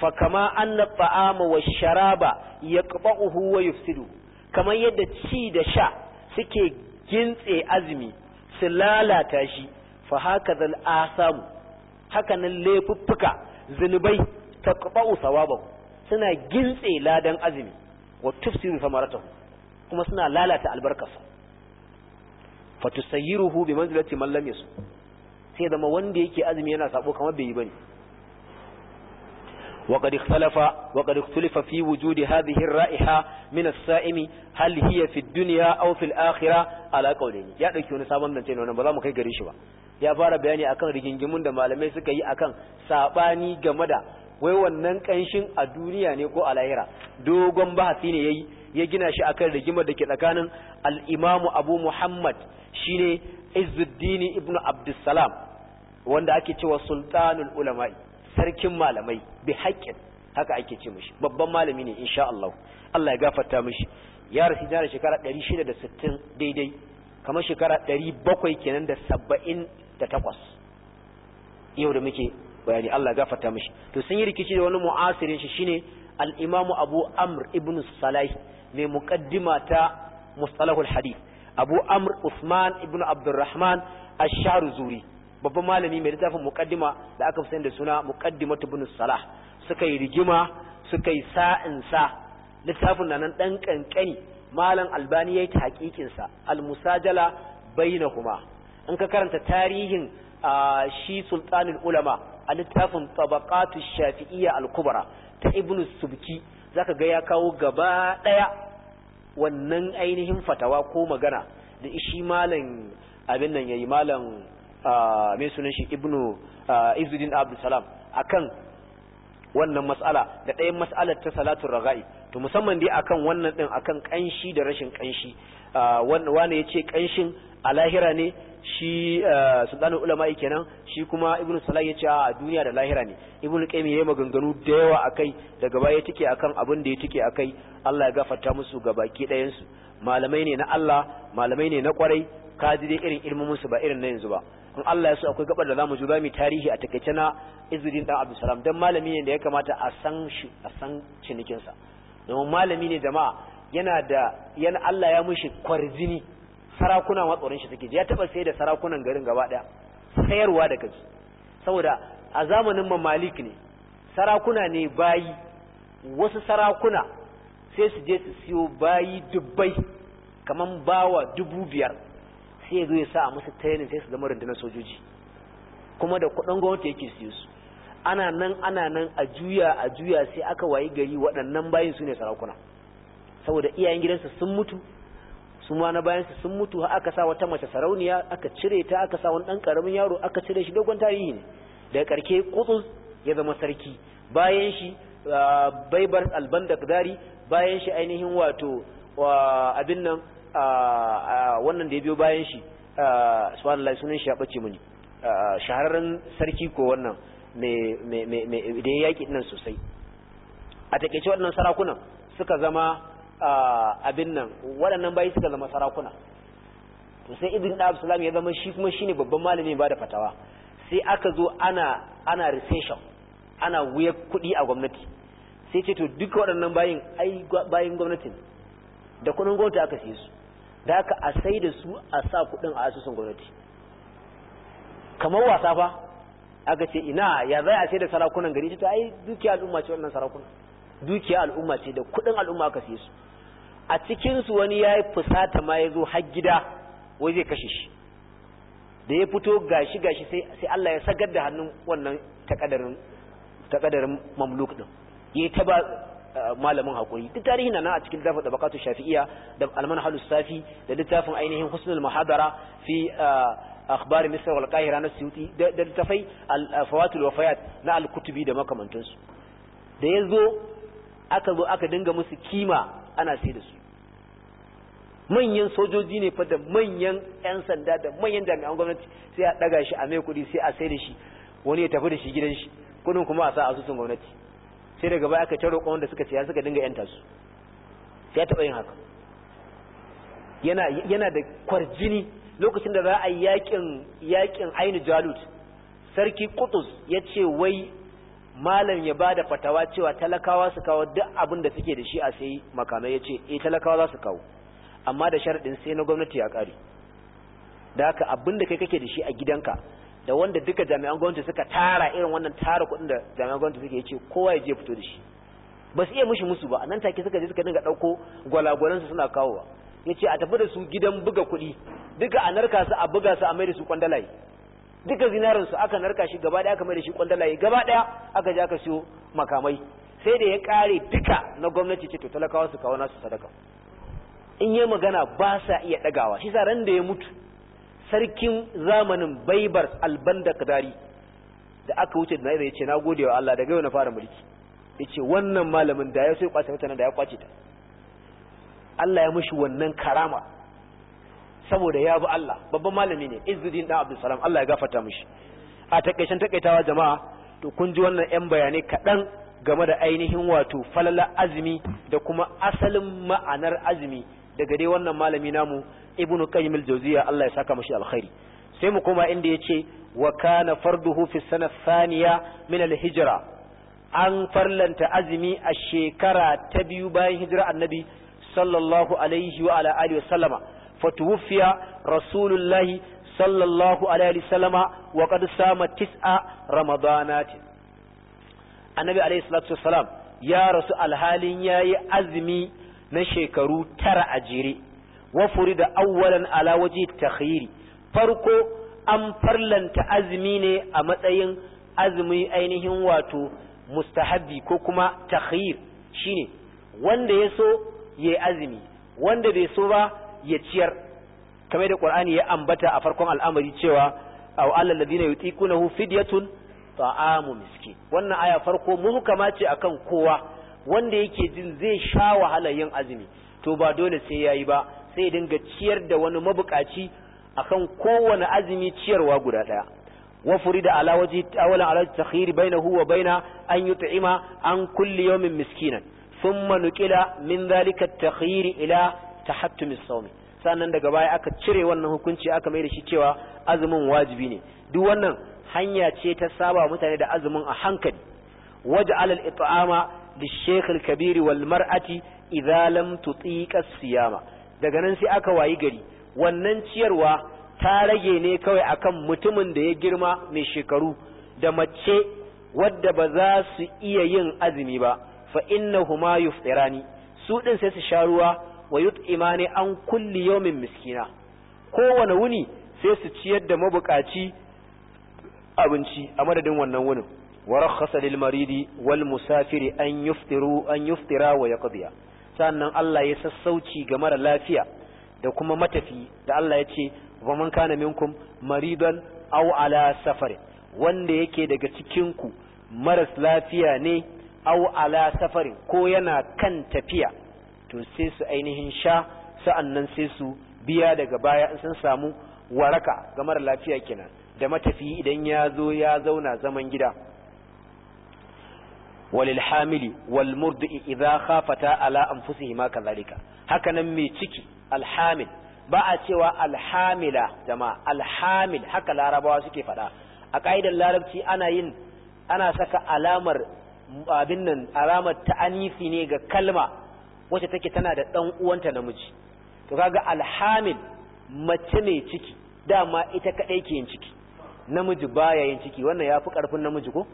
fa kama anna ta'ama wa sharaba yaqba'uhu wa yufsidu kamar yadda ci da sha suke gintse azumi su lalata shi fa haka zal asamu haka nan laifuffuka zunubai ta qaba'u sawabahu suna gintse ladan azumi wa tufsiru samarata kuma suna lalata albarkarsa fa tusayyiruhu bi manzilati man lam yasu sai zama wanda yake azumi yana sabo kamar bai yi bane وقد اختلف wujudi اختلف في وجود هذه الرائحة من السائم هل هي في الدنيا أو في الآخرة على قولين يا دوكي wani sabon nan tayin wannan ba za mu kai gare shi ba ya fara bayani akan rigingimun da malamai suka yi akan saɓani game da wai wannan kanshin a duniya ne ko a lahira dogon bahasi ne yayi ya gina shi akan rigimar da ke tsakanin al-Imam Abu Muhammad shine Izzuddin Ibnu Abdussalam wanda ake cewa sultanul ulama'i sarkin malamai bi haƙƙin haka ake ce mishi babban malami ne insha Allah Allah ya gafarta mishi ya rasu da shekara 660 daidai kamar shekara 700 kenan da 78 yau da muke bayani Allah ya gafarta mishi to sun yi rikici da wani mu'asirin shi shine al-Imam Abu Amr ibn Salah mai muqaddima ta mustalahul hadith Abu Amr Usman ibn Abdurrahman ash zuri. babban malami mai littafin muqaddima da aka fi da suna muqaddimatu ibn salah suka yi rigima suka yi sa'in sa littafin na nan dan kankani malam albani yayi tahqiqin sa al musajala bainahuma in ka karanta tarihin shi sultanul ulama a littafin tabaqatu shafi'iyya al kubra ta ibn subki zaka ga ya kawo gaba daya wannan ainihin fatawa ko magana da shi malam abin nan yayi malam mai sunan shi ibnu izudin abdulsalam salam kan wannan matsala da ɗayan mas'alar ta salatun raga'i to musamman dai akan wannan a akan ƙanshi da rashin ƙanshi wane ya ce ƙanshin a lahira ne shi sultanul ulama kenan shi kuma ibn ya ce a duniya da lahira ne ibn qayyim yayi maganganu da yawa akai daga baya a akan abin da ya a akai Allah ya gafata musu ga baki ɗayansu malamai ne na Allah malamai ne na kwarai kaji dai irin ilmin musu ba irin na yanzu ba in Allah ya so akwai gabar da zamu ji zamu tarihi a takeice na Izzuddin dan Abdul Salam dan malami ne da ya kamata a san shi a san cinikin sa domin malami ne jama'a yana da yana Allah ya mushi kwarjini sarakuna tsoron shi suke ya taba sai da sarakunan garin gaba daya sayarwa da kaji saboda a zamanin mamalik ne sarakuna ne bayi wasu sarakuna sai su je su siyo bayi dubbai kaman bawa dubu biyar sai ya zo ya sa musu training sai su zama rundunar sojoji kuma da kuɗin gwamnati yake siyo su ana nan ana nan a juya a juya sai aka wayi gari waɗannan bayin su ne sarakuna saboda iyayen gidansu sun mutu su ma na bayansu sun mutu har aka sa wata mace sarauniya aka cire ta aka sa wani ɗan ƙaramin yaro aka cire shi dogon tarihi ne daga ƙarke kutsus ya zama sarki bayan shi ah, baibar alban da bayan shi ainihin wato abin nan wannan da ya biyo bayan shi subhanallah sunan shi ya bace muni shahararren sarki ko wannan da ya yaƙi nan sosai a takaice waɗannan sarakunan suka zama abin nan waɗannan bayi suka zama sarakuna to sai ibn abdullahi ya zama shi kuma shine babban malami ba da fatawa sai aka zo ana ana recession ana wuyar kuɗi a gwamnati sai ce to duka waɗannan bayin ai bayin gwamnatin da kuɗin gwamnati aka siye su da aka a sai da su a sa kudin a asusun gwamnati kamar wasa fa aka ce ina ya zai a sai da sarakunan gari ta ai dukiya al'umma ce wannan sarakuna dukiya al'umma ce da kudin al'umma aka sai su a cikinsu su wani yi fusata ma ya zo har gida wai zai kashe shi da ya fito gashi gashi sai Allah ya sagar da hannun wannan takadarin takadarin mamluk din yayi ta malamin hakuri duk tarihi na a cikin dafa tabaqatu shafi'iyya da al-manhal safi da littafin ainihin husnul muhadara fi ah, akhbar misr wal qahira na suyuti da littafai al-fawatul ah, wafayat na al-kutubi da makamantansu da yazo aka zo aka dinga musu kima ana sai da su manyan sojoji ne fa da manyan yan sanda da manyan jami'an gwamnati sai a daga shi a mai kudi sai a sai da shi wani ya tafi da shi gidan shi kudin kuma a sa asusun gwamnati sai daga baya aka ta roƙon wanda suka ya suka dinga yanta su ya taɓa yin haka yana da kwarjini lokacin da za a yi yaƙin aini jalut sarki kutus ya ce wai malam ya ba da fatawa cewa talakawa su kawo duk abin da suke da shi a sai makamai ya ce e talakawa za su kawo amma da sharaɗin sai na gwamnati ya ƙari da haka abin da kai kake da shi a gidanka da wanda duka jami'an gwamnati suka tara irin wannan tara kuɗin da jami'an gwamnati suke yace kowa ya je fito da shi ba su iya mushi musu ba nan take suka je suka dinga ɗauko gwalagwalansu suna kawowa yace a tafi da su gidan buga kuɗi duka a narka su a buga su a mai da su kwandalaye duka zinarin su aka narka shi gaba ɗaya aka mai da shi kwandalaye gaba ɗaya aka je aka siyo makamai sai da ya kare duka na gwamnati ce to talakawa su kawo nasu sadaka in yi magana ba sa iya ɗagawa shi sa ran da ya mutu sarkin zamanin baibar alban da kadari da aka wuce da na'iza ya ce na gode wa Allah daga yau na fara mulki ya ce wannan malamin da ya so ya kwace nan da ya kwace ta Allah ya mushi wannan karama saboda ya bi Allah babban malami ne izudin dan Abdul Salam Allah ya gafarta mushi a takaicen takaitawa jama'a to kun ji wannan yan bayanai kaɗan game da ainihin wato falala azumi da kuma asalin ma'anar azumi daga dai wannan malami namu ibnu qayyim al-jawziya Allah ya saka mashi alkhairi sai mu koma inda yace wa kana farduhu fi sana thaniya min al-hijra an farlanta azumi a shekara ta biyu bayan hijira annabi sallallahu alaihi wa ala alihi wa sallama fatuwfiya rasulullahi sallallahu alaihi wa sallama wa qad sama tis'a ramadanati annabi alaihi salatu wassalam ya rasu alhalin yayi azumi na shekaru tara a jere Wafuri da awwalan ala waji takhiri farko an farlanta azumi ne a matsayin azumi ainihin wato mustahabi ko kuma takhir shine wanda ya so yayi azumi wanda bai so ba ya ciyar kamar da Qur'ani ya ambata a farkon al'amari cewa aw alal ladina yutiqunahu fidyatun ta'amu miskin wannan aya farko muhkama ce akan kowa wanda yake jin zai sha wahalar yin azumi to ba dole sai yayi ba sai dinga ciyar da wani mabukaci akan kowane azumi ciyarwa guda daya wa furida ala waji awalan ala takhiri bainahu wa baina an yut'ima an kulli yawmin miskinan thumma nuqila min dhalika takhiri ila tahattum as-sawm sannan daga baya aka cire wannan hukunci aka mai da shi cewa azumin wajibi ne duk wannan hanya ce ta saba mutane da azumin a hankali waj'al al-it'ama lish-shaykh al-kabir wal mar'ati idza lam tutiqa as-siyama daga nan sai aka wayi gari wannan ciyarwa ta rage ne kawai akan mutumin da ya girma mai shekaru da mace wadda ba za su iya yin azumi ba fa innahuma ni su din sai su sha ruwa wa yut'imani an kulli yawmin miskina kowane wuni sai su ciyar da mabukaci abinci a madadin wannan wunin wa rakhasa lil maridi wal musafiri an yuftiru an yuftira wa yaqdiya sannan Allah ya sassauci ga mara lafiya da kuma matafi da Allah ya ce wa man kana minkum maridan aw ala safar wanda yake daga cikin ku maras lafiya ne aw ala safar ko yana kan tafiya to sai su ainihin sha sa'annan sai su biya daga baya in sun samu waraka ga mara lafiya kenan da matafi idan ya zo ya zauna zaman gida Walilhamili, hamili wal murdi idza khafata ala anfusihima haka nan mai ciki alhamil ba a cewa alhamila jama'a alhamil haka larabawa suke faɗa a ƙa'idar larabci ana yin ana saka alamar abin nan alamar ta'anifi ne ga kalma wacce take tana da ɗan uwanta namiji to kaga alhamil mace mai ciki dama ita kaɗai ke ciki namiji baya yin ciki wannan ya fi ƙarfin namiji ko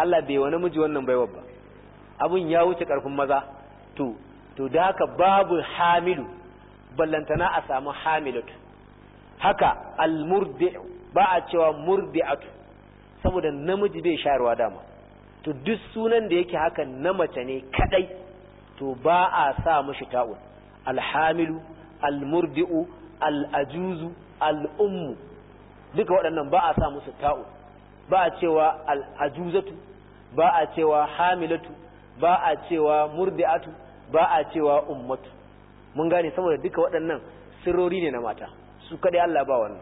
Allah bai wani miji wannan baiwa ba abun ya wuce karfin maza to to da haka babu hamilu ballantana a samu hamilatu haka almurdi ba a cewa murdi'atu saboda namiji bai shayarwa dama to duk sunan da yake haka na mace ne kadai to ba a sa mashi ta'ul alhamilu almurdi'u al'ajuzu al'ummu duka waɗannan ba a sa musu ta'ul ba a cewa al'ajuzatu ba a cewa hamilatu ba a cewa murdi'atu ba a cewa ummatu mun gane saboda duka waɗannan sirori ne na mata su kaɗai Allah ba wannan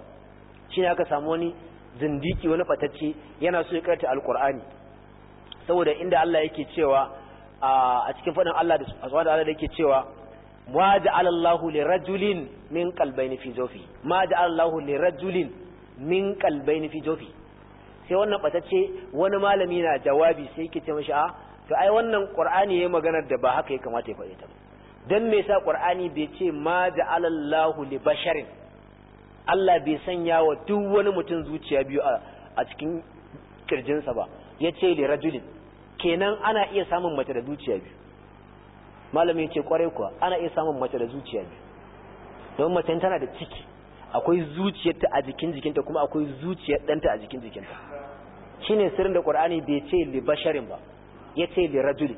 shi ne aka samu wani zindiki wani fatacce yana so ya karanta alkur'ani saboda inda Allah yake cewa a cikin faɗin Allah da subhanahu da yake cewa ma ja'ala Allahu rajulin min qalbayni fi jawfi ma ja'ala Allahu rajulin min qalbayni fi jawfi sai wannan batacce wani malami na jawabi sai yake ce mashi a to ai wannan qur'ani yayin maganar da ba haka ya kamata ya faɗe ta dan me yasa qur'ani bai ce ma ja'ala Allahu li basharin Allah bai sanya wa duk wani mutum zuciya biyu a cikin kirjinsa ba yace li rajulin kenan ana iya samun mace da zuciya biyu malami yace kwarai kuwa ana iya samun mace da zuciya biyu don mace tana da ciki akwai zuciyarta a jikin jikinta kuma akwai zuciyar ɗanta a jikin jikinta ne sirrin da qur'ani bai ce li basharin ba yace li rajuli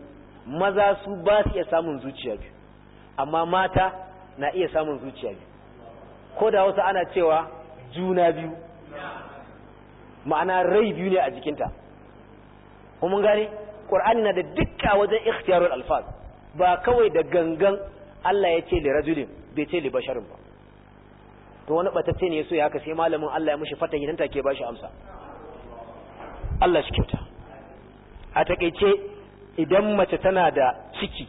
maza su ba su iya samun zuciya biyu amma mata na iya samun zuciya biyu ko da wasu ana cewa juna biyu ma'ana rai biyu ne a jikinta kuma gane qur'ani na da dukka wajen ikhtiyarul alfaz ba kawai da gangan Allah ya ce li rajulin bai ce li basharin ba to wani batacce ne so ya haka sai malamin Allah ya mishi fatan gidanta ke ba shi amsa Allah shi kyauta a takaice idan mace tana da ciki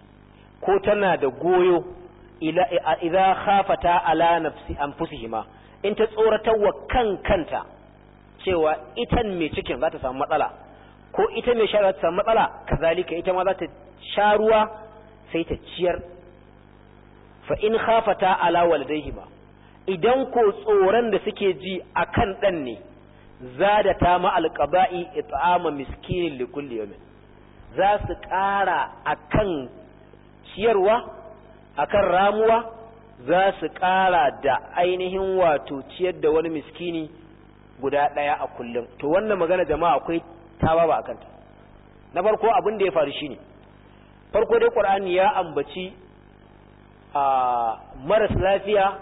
ko tana da goyo idan khafata ala nafsi fusihima in ta tsoratar wa kan kanta cewa itan mai cikin za ta samu matsala ko ita mai shara ta samu matsala ka kazalika ita ma za ta sha ruwa sai ta ciyar fa in khafata ala waladaihima idan ko tsoron da suke ji akan ɗan ne zada ta ma alqaba'i it'ama miskinin li kulli za su ƙara akan ciyarwa akan ramuwa za su ƙara da ainihin wato ciyar da wani miskini guda ɗaya a kullum to wannan magana jama'a akwai ta ba kanta na farko abin da ya faru shine farko dai qur'ani ya ambaci a maras lafiya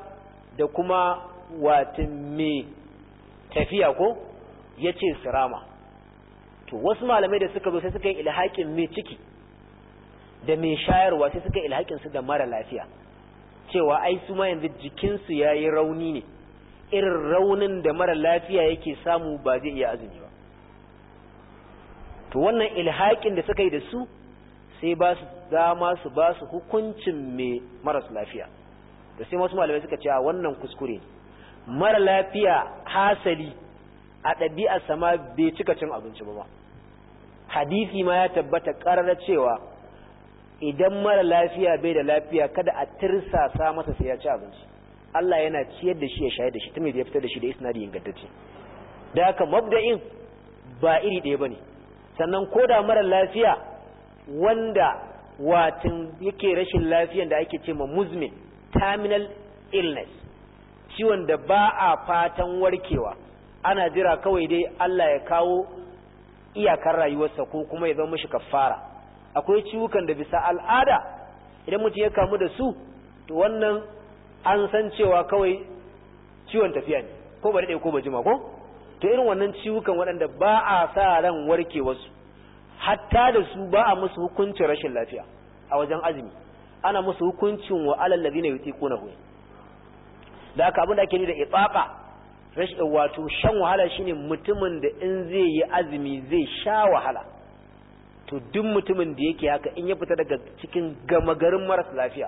da kuma watin me tafiya ko ya ce su rama to wasu malamai da suka zo sai suka yi ilhaƙin mai ciki da mai shayarwa sai suka yi ilhakin su da mara lafiya cewa ai su ma yanzu jikinsu ya yi rauni ne irin raunin da mara lafiya yake samu ba zai iya azumi ba to wannan ilhakin da suka yi da su sai ba su dama su ba su hukuncin mai maras lafiya da sai wasu malamai suka ce a wannan kuskure mara lafiya hasali a ɗabi'ar sama bai cika cin abinci ba hadisi ma ya tabbata ƙarar cewa idan mara lafiya bai da lafiya kada a tirsasa masa sai ya ci abinci Allah yana ciyar da shi ya shayar da shi tun da ya fitar da shi da isnadi ingantacce da haka mabda'in ba iri ɗaya bane sannan ko da mara lafiya wanda watin yake rashin lafiyan da ake ce ma muzmin terminal illness ciwon da ba a fatan warkewa ana jira kawai dai Allah ya kawo iyakar rayuwarsa ko kuma ya zama shi kafara akwai ciwukan da bisa al'ada idan mutum ya kamu da su to wannan an san cewa kawai ciwon tafiya ne ko ba daɗe ko ba jima ko to irin wannan ciwukan waɗanda ba a sa ran warkewarsu hatta da su ba a musu hukuncin rashin lafiya a wajen azumi ana musu hukuncin wa alal ladina hu da haka abin da ake da itaqa Rashin wato shan wahala shine mutumin da in zai yi azumi zai sha wahala to duk mutumin da yake haka in ya fita daga cikin gama garin maras lafiya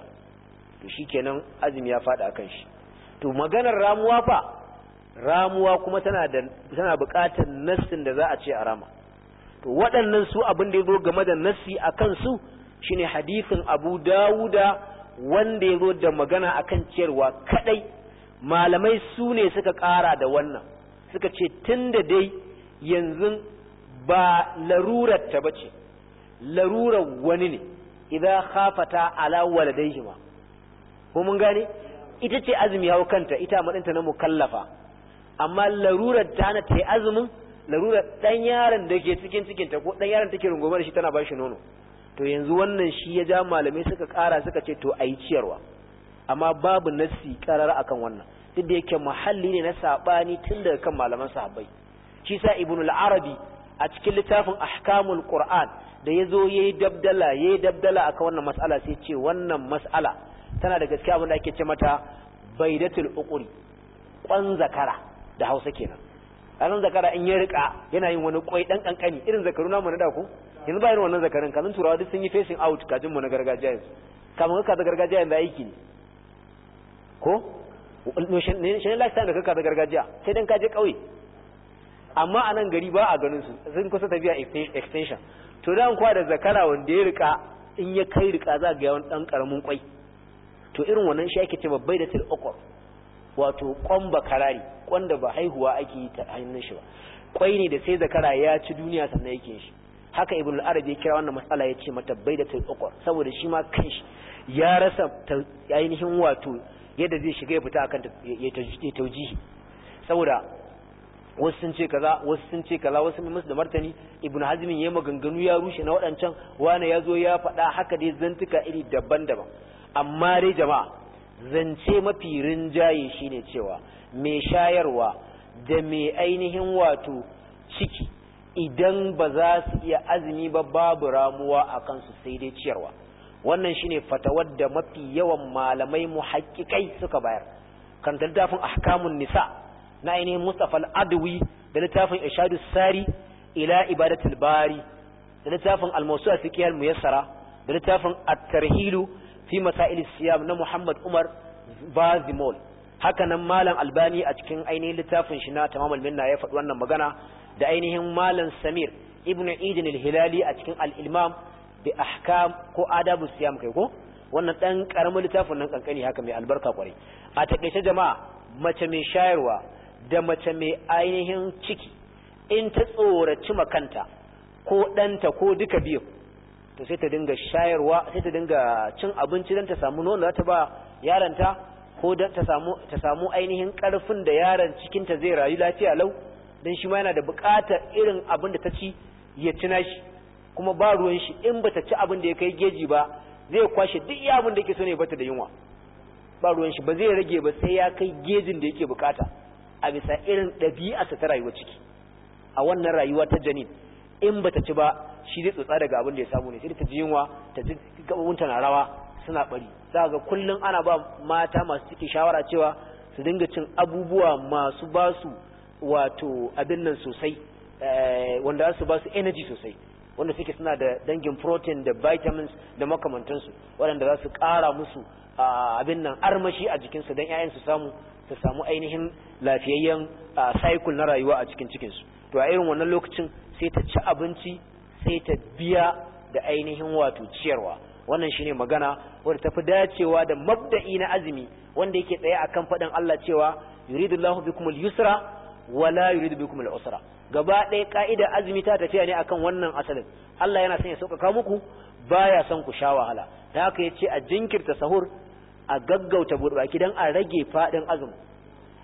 to shikenan azumi ya fada akan shi to maganar ramuwa fa ramuwa kuma tana da tana buƙatar nassin da za a ce a rama to waɗannan su abin da yazo game da nassi akan su shine hadisin Abu Dawuda wanda yazo da magana akan ciyarwa kadai malamai su ne suka ƙara da wannan suka ce tun da dai yanzu ba larurar ta bace larurar wani ne idan khafata ala ba ko mun gane ita ce azumi hau kanta ita madinta na mukallafa amma larurar ta na ta azumin larurar dan yaron da ke cikin cikin ta ko ɗan yaron take rungume da shi tana ba shi nono to yanzu wannan shi ya ja malamai suka ƙara suka ce to ayi ciyarwa amma babu nassi karar akan wannan duk da yake muhalli ne na sabani tun daga kan malaman sahabbai shi sa al arabi a cikin littafin ahkamul qur'an da yazo yayi dabdala yayi dabdala akan wannan mas'ala sai ce wannan mas'ala tana da gaskiya abin da ake ce mata baidatul uquri kwan zakara da Hausa kenan ranar zakara in ya rika yana yin wani koi dan kankani irin zakaru namu na da ku yanzu ba irin wannan zakarin kazan turawa duk sun yi facing out kajin mu na gargajiya yanzu kamar ka da gargajiya yanzu aiki ne ko shanin lifestyle da kakka gargajiya sai dan kaje kauye amma a nan gari ba a ganin su sun kusa tafiya extension to dan kwa da zakara wanda ya rika in ya kai rika za ga yawan dan karamin kwai to irin wannan shi ake ce babbai da til wato kwan karari kwan ba haihuwa ake yi ta hannun shi ba kwai ne da sai zakara ya ci duniya sannan yake shi haka ibn al arabi ya kira wannan matsala ya ce mata bai da til saboda shi ma kai shi ya rasa ainihin wato yadda zai shiga ya fita akan ya taujihi saboda wasu sun ce kaza wasu sun ce kaza wasu musu da martani ibnu hazmin ya maganganu ya rushe na waɗancan wani ya zo ya faɗa haka dai zantuka iri daban-daban amma dai jama'a zance mafi rinjaye shine cewa mai shayarwa da mai ainihin wato ciki idan ba za su iya azumi ba babu ramuwa a kansu sai dai ciyarwa wannan shine fatawar da mafi yawan malamai muhaqqiqai suka bayar kan littafin ahkamun nisa na ainihin Mustafa al-Adwi da littafin Ishadu Sari ila ibadatul bari da littafin Almasu a fiqhiyal muyassara da littafin at-tarhilu fi masail siyam na Muhammad Umar Bazimol haka nan malam Albani a cikin ainihin littafin shi na tamamul minna ya faɗi wannan magana da ainihin malam Samir ibn Idin al-Hilali a cikin al-Ilmam bi ahkam ko adabu siyam kai ko wannan dan karamin littafin nan kankani haka mai albarka kwarai a takeice jama'a mace mai shayarwa da mace mai ainihin ciki in ta tsoraci makanta ko danta ko duka biyu to sai ta dinga shayarwa sai ta dinga cin abinci dan ta samu nono za ta ba yaranta ko dan ta samu ta samu ainihin karfin da yaron cikinta zai rayu lafiya lau dan shi ma yana da bukatar irin abin da ta ci ya ci nashi kuma ba ruwan shi in bata ci abin da ya kai geji ba zai kwashe duk iya abin da yake so ne bata da yunwa ba ruwan shi ba zai rage ba sai ya kai gejin da yake bukata a bisa irin ɗabi'a ta rayuwa ciki a wannan rayuwa ta janin in bata ci ba shi zai tsotsa daga abin da ya samu ne sai ta ji yunwa ta ji gababunta na rawa suna bari za ga kullum ana ba mata masu ciki shawara cewa su dinga cin abubuwa masu ba su wato abin nan sosai eh, wanda za su ba su energy sosai wanda suke suna da dangin protein da vitamins da makamantansu waɗanda za su ƙara musu abin nan armashi a jikinsu don 'ya'yansu samu su samu ainihin lafiyayyen cycle na rayuwa a cikin cikinsu to a irin wannan lokacin sai ta ci abinci sai ta biya da ainihin wato ciyarwa wannan shi ne magana wadda ta fi dacewa da mabda'i na azumi wanda yake tsaye a kan faɗin Allah cewa bi bikumul yusra wala yuridu bikumul usra gaba ɗaya ƙa'idar azumi ta tafiya ne akan wannan asalin Allah yana son ya sauƙaƙa muku baya son ku sha wahala da haka ce a jinkirta sahur a gaggauta buɗe don a rage faɗin azumi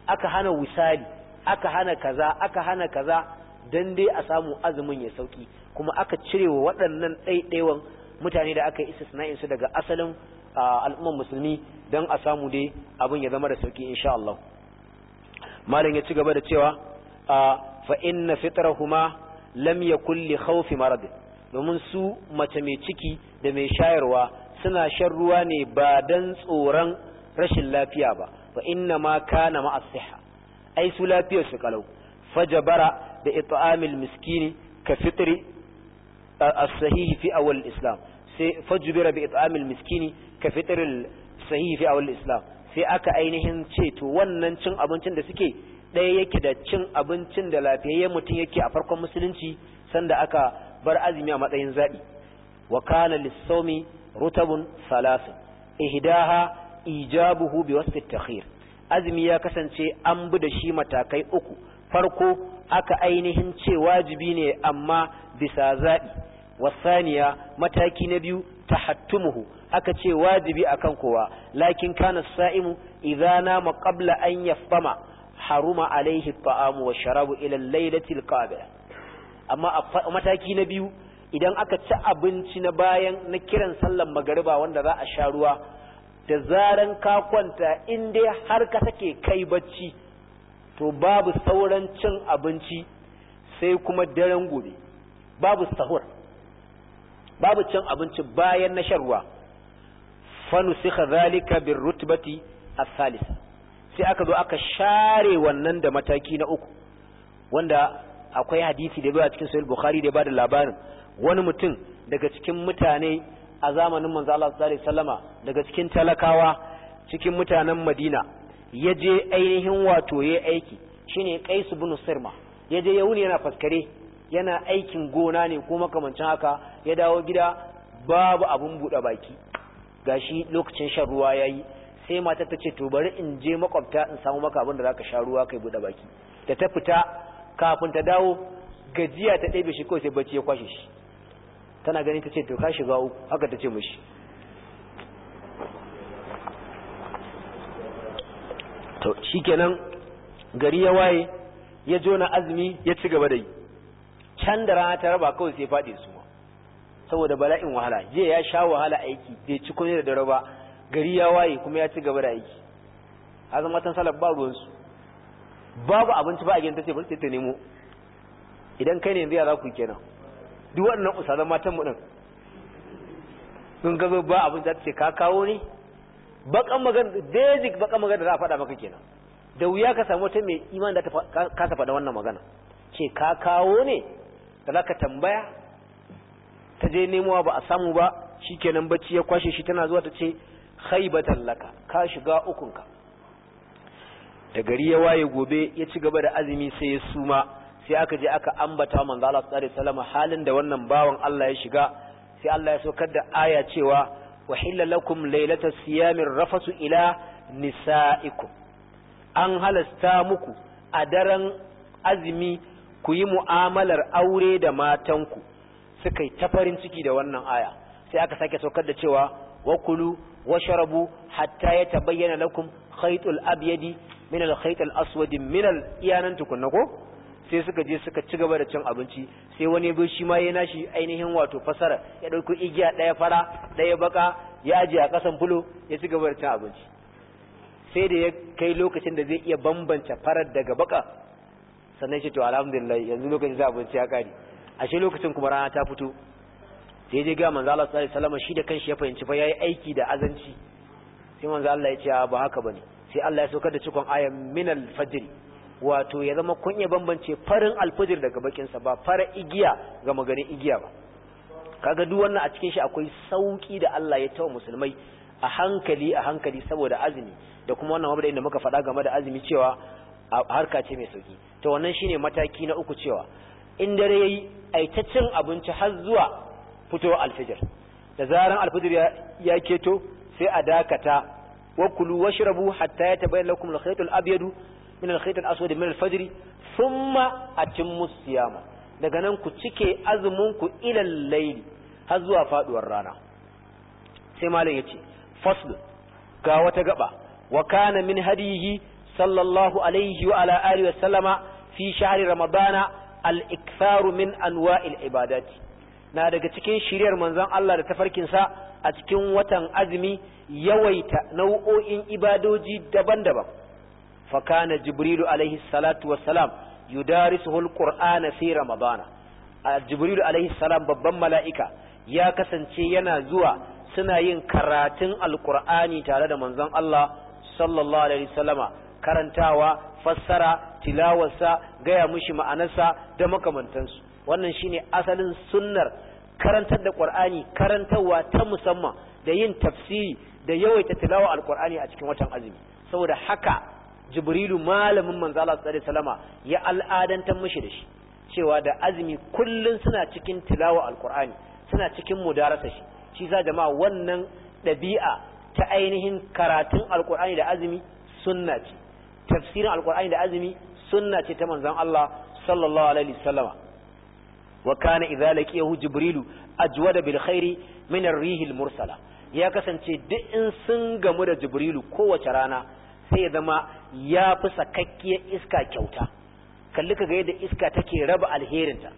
aka hana wisali aka hana kaza aka hana kaza don dai a samu azumin ya sauƙi kuma aka cire wa waɗannan ɗaiɗaiwan mutane da aka yi sana'in su daga asalin al'umman musulmi don a samu dai abin ya zama da sauƙi insha Allah malam ya ci gaba da cewa fa inna huma lamya yakul haufi marad domin su mace mai ciki da mai shayarwa suna shan ruwa ne ba dan tsoron rashin lafiya ba fa inna ma kana ma as ai su lafiyar su kalau fajabara da it'amil miskini ka fitri as-sahihi fi awal islam sai fajbira bi it'amil miskini ka fitri as-sahihi fi awal islam sai aka ainihin ce to wannan cin abincin da suke ɗaya yake da cin abincin da lafiyayyen mutum yake a farkon musulunci sanda aka bar azumi a matsayin zaɓi wa kana rutabun Salasu, ihdaha ijabuhu bi wasu takhir azumi ya kasance an bi da shi matakai uku farko aka ainihin ce wajibi ne amma bisa zaɓi wasaniya mataki na biyu tahattumuhu aka ce wajibi akan kowa lakin kana sa'imu idza nama qabla an yafama haruma alaihi ta'amu wa sharabu ila lailatil qabila amma a mataki na biyu idan aka ci abinci na bayan na kiran sallan magariba wanda za a sha ruwa da zaran ka kwanta in dai har ka take kai bacci to babu sauran cin abinci sai kuma daren gobe babu sahur babu cin abinci bayan na shan fa nusikha zalika birrutbati rutbati sai aka zo aka share wannan da mataki na uku wanda akwai hadisi da a cikin sahih bukhari da ya bada labarin wani mutum daga cikin mutane a zamanin manzo Allah sallallahu alaihi wasallama daga cikin talakawa cikin mutanen Madina ya je ainihin wato ya aiki shine Qais ibn Sirma ya je yauni yana faskare yana aikin gona ne ko makamancin haka ya dawo gida babu abun bude baki gashi lokacin shan ruwa yayi sai mata ta ce to bari in je makwabta in samu maka abin da zaka sha ruwa kai bude baki da ta fita kafin ta dawo gajiya ta ɗebe shi kawai sai bacci ya kwashe shi tana gani ta ce to ka shiga uku haka ta ce mishi to shi kenan gari ya waye ya jona azumi ya ci gaba da yi can da rana ta raba kawai sai faɗi su saboda bala'in wahala je ya sha wahala aiki bai ci komai da dare ba gari ya waye kuma ya ci gaba da aiki azan matan salaf ba su babu abinci ba a gidan tace bari ta nemo idan kai ne yanzu ya za ku kenan duk wannan usalan matan mu din sun zo ba abin da ce ka kawo ne bakan magana basic bakan magana da za a faɗa maka kenan da wuya ka samu wata mai iman da ka ta faɗa wannan magana ce ka kawo ne da za tambaya ta je nemowa ba a samu ba kenan bacci ya kwashe shi tana zuwa ta ce khaibatan laka ka shiga ukunka da gari ya waye gobe ya ci gaba da azumi sai ya suma sai aka je aka ambata manzo Allah sallallahu alaihi wasallam halin da wannan bawan Allah ya shiga sai Allah ya saukar da aya cewa wahilla lakum lailatas siyamir rafasu ila nisaikum an halasta muku a daren azumi ku yi mu'amalar aure da matanku suka yi ta farin ciki da wannan aya sai aka sake saukar da cewa wakulu washarabu hatta ya tabayyana lakum khaytul abyadi min al khaytul al-aswad min al-iyanan tukunna ko sai suka je suka ci gaba da cin abinci sai wani bai shi ma ya nashi ainihin wato fasara ya dauko igiya daya fara daya baka ya aje a kasan fulo ya ci gaba da cin abinci sai da ya kai lokacin da zai iya bambanta farar daga baka sannan shi to alhamdulillah yanzu lokacin za abinci ya kare ashe lokacin kuma rana ta fito sai dai ga manzo Allah sallallahu alaihi shi da kanshi ya fahimci fa yayi aiki da azanci sai manzo Allah ya ce ba haka bane sai Allah ya saukar da cikon ayan min al-fajr wato ya zama kun iya bambance farin al-fajr daga bakin sa ba fara igiya ga maganin igiya ba kaga duk wannan a cikin shi akwai sauki da Allah ya tawa musulmai a hankali a hankali saboda azumi da kuma wannan mabda da muka faɗa game da azumi cewa harka ce mai sauki to wannan shine mataki na uku cewa in dare yayi aitaccen abinci har zuwa fito alfijir da zaran alfijir ya keto sai a dakata wa kulu washrabu hatta ya lakum al-khayt al-abyad min al-khayt al-aswad min al-fajr thumma atimmu as daga nan ku cike azumin ku ila har zuwa faduwar rana sai malam yace faslu ga wata gaba wa kana min hadihi sallallahu alaihi wa ala alihi wa sallama fi shahri ramadana al-iktharu min anwa'il ibadati na daga cikin shiryar manzon Allah da tafarkinsa a cikin watan azumi yawaita nau'o'in ibadoji daban-daban fakana jibrilu alaihi salatu wassalam yudarisuhu alqur'ana fi ramadana jibrilu alaihi salam babban mala'ika ya kasance yana zuwa suna yin karatun alqur'ani tare da manzon Allah sallallahu alaihi wasallama karantawa fassara tilawarsa gaya mushi ma'anarsa da makamantansu wannan shine asalin sunnar karantar da qur'ani karantarwa ta musamman da yin tafsiri da yawaita tilawa alqur'ani a cikin watan azumi saboda haka jibrilu malamin manzo Allah sallallahu alaihi wasallama ya al'adantar mishi da shi cewa da azumi kullun suna cikin tilawa alqur'ani suna cikin mudarasa shi shi za jama'a wannan ɗabi'a ta ainihin karatun alqur'ani da azumi sunna ce tafsirin alqur'ani da azumi sunna ce ta manzon Allah sallallahu alaihi wasallama wa kana idza laqiyahu jibrilu ajwada bil khairi min rihil mursala ya kasance duk in sun gamu da jibrilu kowace rana sai ya zama ya fi sakakkiyar iska kyauta kalli ka ga yadda iska take raba alherinta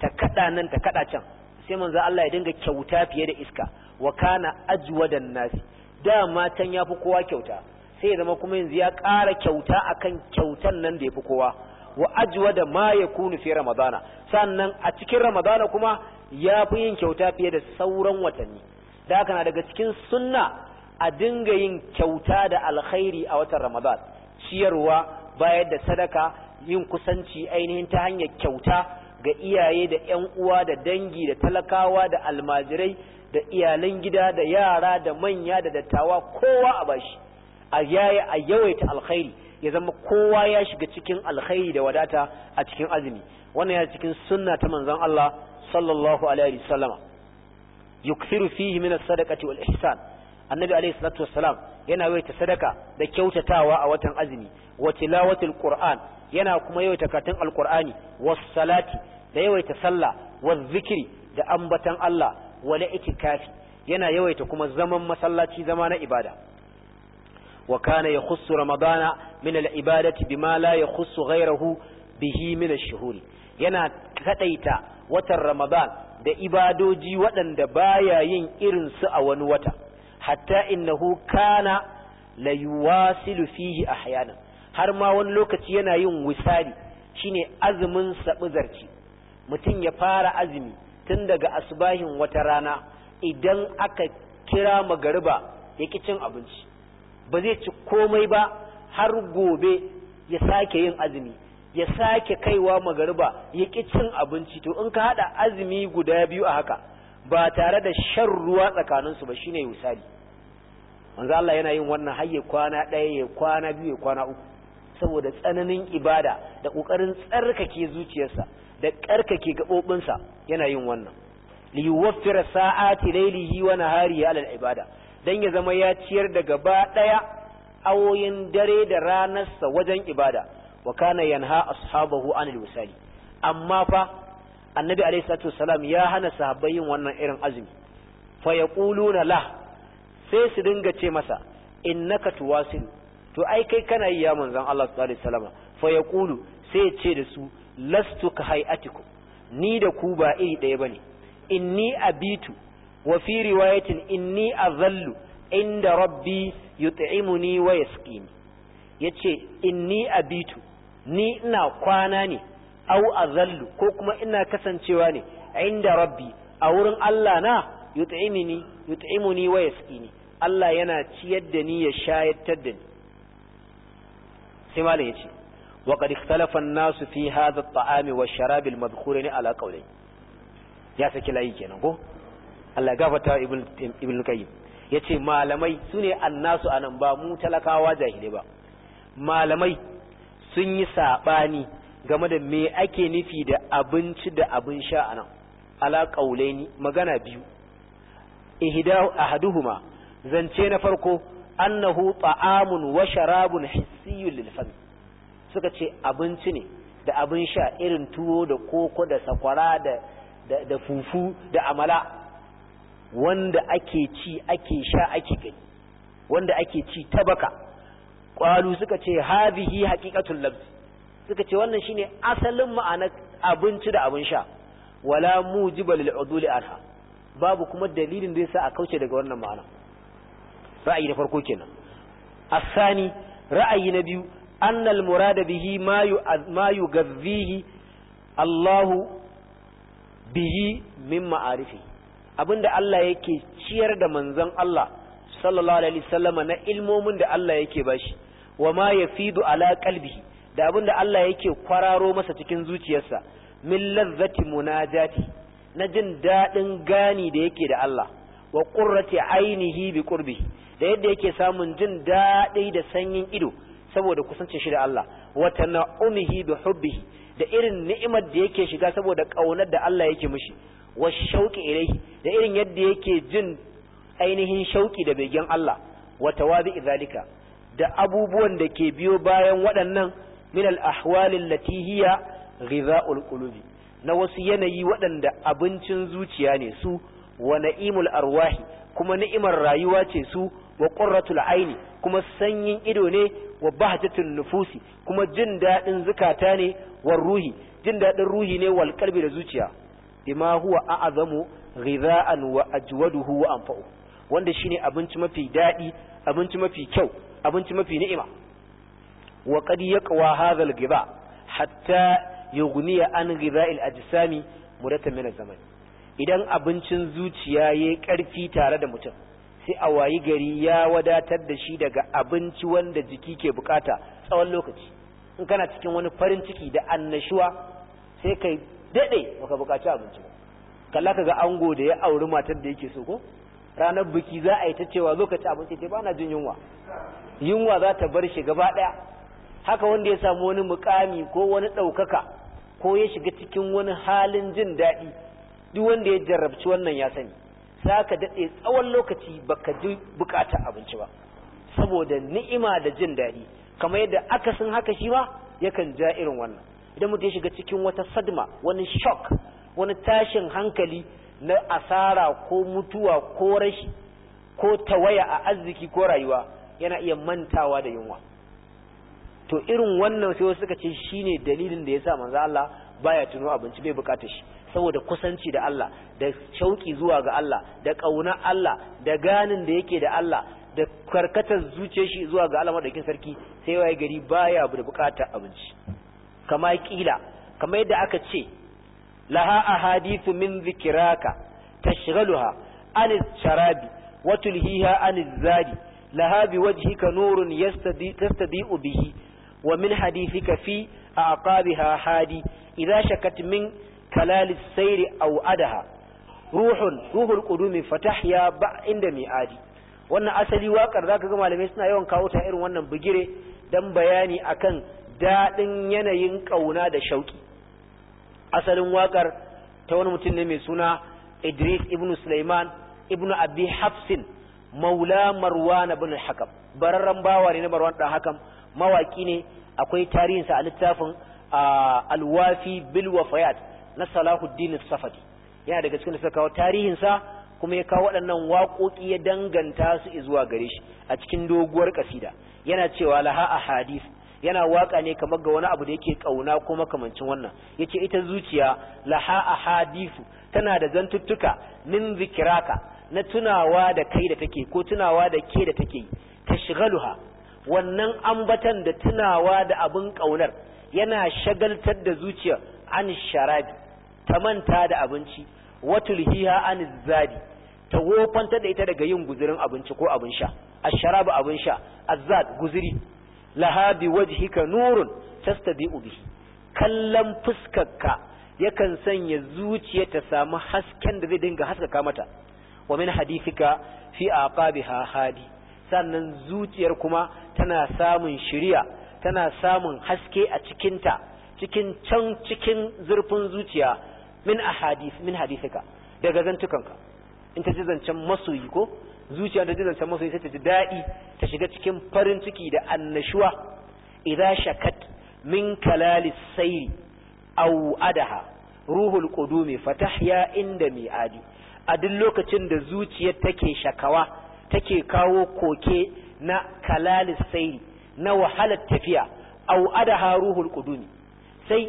ta kada nan ta kaɗa can sai manzo Allah ya dinga kyauta fiye da iska wa kana ajwadan nasi dama can yafi kowa kyauta sai ya zama kuma yanzu ya ƙara kyauta akan kyautan nan da yafi kowa wa da ma yakunu fi ramadana sannan a cikin ramadana kuma ya fi yin kyauta fiye da sauran watanni da haka na daga cikin sunna a dinga yin kyauta da alkhairi a watan ramadan ciyarwa bayar da sadaka yin kusanci ainihin ta hanyar kyauta ga iyaye da 'yan uwa da dangi da talakawa da almajirai da iyalan gida da yara da manya da dattawa kowa a bashi a yaya a yawaita alkhairi ya zama kowa ya shiga cikin alkhairi da wadata a cikin azumi wannan ya cikin sunna ta manzon Allah sallallahu alaihi wasallama yukthiru fihi min as-sadaqati wal ihsan annabi alaihi salatu wassalam yana yawaita sadaka da kyautatawa a watan azumi wa tilawatil qur'an yana kuma yawaita katin alqur'ani was salati da yawaita sallah wa zikiri da ambatan Allah wala itikafi yana yawaita kuma zaman masallaci zama na ibada Wakana ya yakhussu ramadana min al-ibadati bima la yakhussu ghayrahu bihi min ash yana kaɗaita watan ramadan da ibadoji waɗanda baya yin irin su a wani wata hatta innahu kana la yuwasilu fihi ahyana har ma wani lokaci yana yin wisali shine azumin sabuzarci mutum ya fara azumi tun daga asbahin wata rana idan aka kira magariba ya cin abinci ba zai ci komai ba har gobe ya sake yin azumi ya sake kaiwa magariba ya ƙi cin abinci to in ka haɗa azumi guda biyu a haka ba tare da shan ruwa tsakaninsu ba shine misali manzo Allah yana yin wannan har ya kwana ɗaya ya kwana biyu ya kwana uku saboda tsananin ibada da ƙoƙarin tsarkake zuciyarsa da ƙarkake gaɓoɓinsa yana yin wannan liyuwaffira sa'ati lailihi wa naharihi alal ibada don ya zama ya ciyar da gaba ɗaya awoyin dare da ranarsa wajen ibada wa kana yanha ashabahu anil misali amma fa annabi alaihi salatu wasalam ya hana sahabbai yin wannan irin azumi fa yaquluna la sai su dinga ce masa innaka tuwasil to ai kai kana yi ya manzon Allah sallallahu alaihi wasallam fa yaqulu sai ce da su lastu ka hay'atikum ni da ku ba iri ɗaya bane inni abitu Wafi fi riwayatin inni azallu inda rabbi yut'imuni wa yasqini yace inni abitu ni ina kwana ne au azallu ko kuma ina kasancewa ne inda rabbi a wurin Allah na yut'imini yut'imuni Allah yana ciyar da ni ya shayar da ni sai malam yace wa qad ikhtalafa an-nas fi hadha at-ta'am wa ash-sharab al-madhkur ya saki layi kenan ko Allah gafarta ibn qayyim yace malamai sune annasu anan ba mu talakawa jahilai ba malamai sun yi saɓani game da me ake nufi da abinci da abin sha anan ala qaulaini magana biyu ihda ahaduhuma zance na farko annahu ta'amun wa sharabun hissiyyun lil suka ce abinci ne da abin sha irin tuwo da koko da sakwara da fufu da amala wanda ake ci ake sha ake gani wanda ake ci ta baka ƙwalu suka ce hazihi haƙiƙatul labzi suka ce wannan shine asalin ma'anar abinci da abin sha wala mujibal lil anha babu kuma dalilin da yasa a kauce daga wannan ma'ana ra'ayi na farko kenan asani ra'ayi na biyu annal murada bihi ma yu gazzihi Allahu bihi min ma'arifihi abinda Allah yake ciyar da manzon Allah sallallahu alaihi wasallam na ilmomin da Allah yake bashi wa ma yafidu ala qalbihi da abinda Allah yake kwararo masa cikin zuciyarsa min lazzati munajati na jin dadin gani da yake da Allah wa qurrati ainihi bi qurbi da yadda yake samun jin dadi da sanyin ido saboda kusancin shi da Allah wa tana'umihi bi hubbihi da irin ni'imar da yake shiga saboda kaunar da Allah yake mishi wa shauƙi ilaihi da irin yadda yake jin ainihin shauƙi da begen Allah wa tawazi izalika da abubuwan da ke biyo bayan waɗannan min al-ahwal allati hiya qulubi na wasu yanayi waɗanda abincin zuciya ne su wa na'imul arwahi kuma ni'imar rayuwa ce su wa qurratul aini kuma sanyin ido ne wa bahjatun nufusi kuma jin daɗin zukata ne wa ruhi jin daɗin ruhi ne wal kalbi da zuciya bima huwa a'azamu ghidha'an wa ajwaduhu wa anfa'u wanda shine abinci mafi dadi abinci mafi kyau abinci mafi ni'ima wa qad yaqwa hadha al-ghidha hatta yughniya an ghidha'il ajsami mudatan min zaman idan abincin zuciya yi karfi tare da mutum sai a wayi gari ya wadatar da shi daga abinci wanda jiki ke bukata tsawon lokaci in kana cikin wani farin ciki da annashuwa sai kai daɗe baka bukaci abinci ba kalla ka ga ango da ya auri matar da yake so ko ranar biki za a yi ta cewa zo ka ci abinci ce ba na jin yunwa yunwa za ta bar shi gaba ɗaya haka wanda ya samu wani mukami ko wani ɗaukaka ko ya shiga cikin wani halin jin daɗi duk wanda ya jarrabci wannan ya sani za ka daɗe tsawon lokaci baka ji bukatar abinci ba saboda ni'ima da jin daɗi kamar yadda akasin haka shi ma yakan ja irin wannan idan mutum ya shiga cikin wata sadma wani shock wani tashin hankali na asara ko mutuwa ko rashi ko tawaya a arziki ko rayuwa yana iya mantawa da yunwa to irin wannan sai wasu suka ce shine dalilin da yasa manzo Allah baya tuno abinci bai bukata shi saboda kusanci da Allah da shauki zuwa ga Allah da kauna Allah da ganin da yake da Allah da karkatar zuciyar shi zuwa ga Allah madaukin sarki sai waye gari baya da bukata abinci kama kila kama yadda aka ce laha ahadithu min zikiraka tashghaluha an sharabi wa tulhiha an zadi laha biwajhika nurun yastadi'u bihi wa min hadithika fi aqabiha hadi idha shakat min kalal sayri aw adaha ruhun ruhul qudumi fatahya ba inda mi'adi wannan asali waƙar zaka ga malamai suna yawan kawo ta irin wannan bigire dan bayani akan daɗin yanayin ƙauna da shauƙi asalin waƙar ta wani mutum ne mai suna idris ibn suleiman ibn abi hafsin maula marwan ibn hakam bararren bawa ne na marwan ɗan hakam mawaƙi ne akwai tarihinsa a littafin alwafi bil wafayat na salahuddin safadi yana daga cikin da suka kawo tarihinsa kuma ya kawo waɗannan waƙoƙi ya danganta su zuwa gare shi a cikin doguwar ƙasida, yana cewa laha a hadith. yana waka ne kamar ga wani abu da yake kauna ko makamancin wannan yace ita zuciya laha ahadisu tana da zantuttuka min zikiraka na tunawa da kai da take ko tunawa da ke da take ta tashghaluha wannan ambatan da tunawa da abin kaunar yana shagaltar da zuciya an sharabi ta manta da abinci hiha an zadi ta wofanta da ita daga yin guzurin abinci ko abin sha asharabu abin sha azzad guziri lahabi bi wajhika nurun tastabi'u bihi kallon fuskarka yakan sanya zuciya ta samu hasken da zai dinga haskaka mata wa min hadithika fi aqabiha hadi sannan zuciyar kuma tana samun shiriya tana samun haske a cikinta cikin can cikin zurfin zuciya min ahadith min hadithika daga zantukanka in ta ji zancen masoyi ko zuciya da jizan samu sai ta ji daɗi ta shiga cikin farin ciki da annashuwa idza shakat min kalalis sayri aw adaha ruhul qudumi fatahya inda adi a duk lokacin da zuciyar take shakawa take kawo koke na kalalis sayri na wahalar tafiya aw adaha ruhul qudumi sai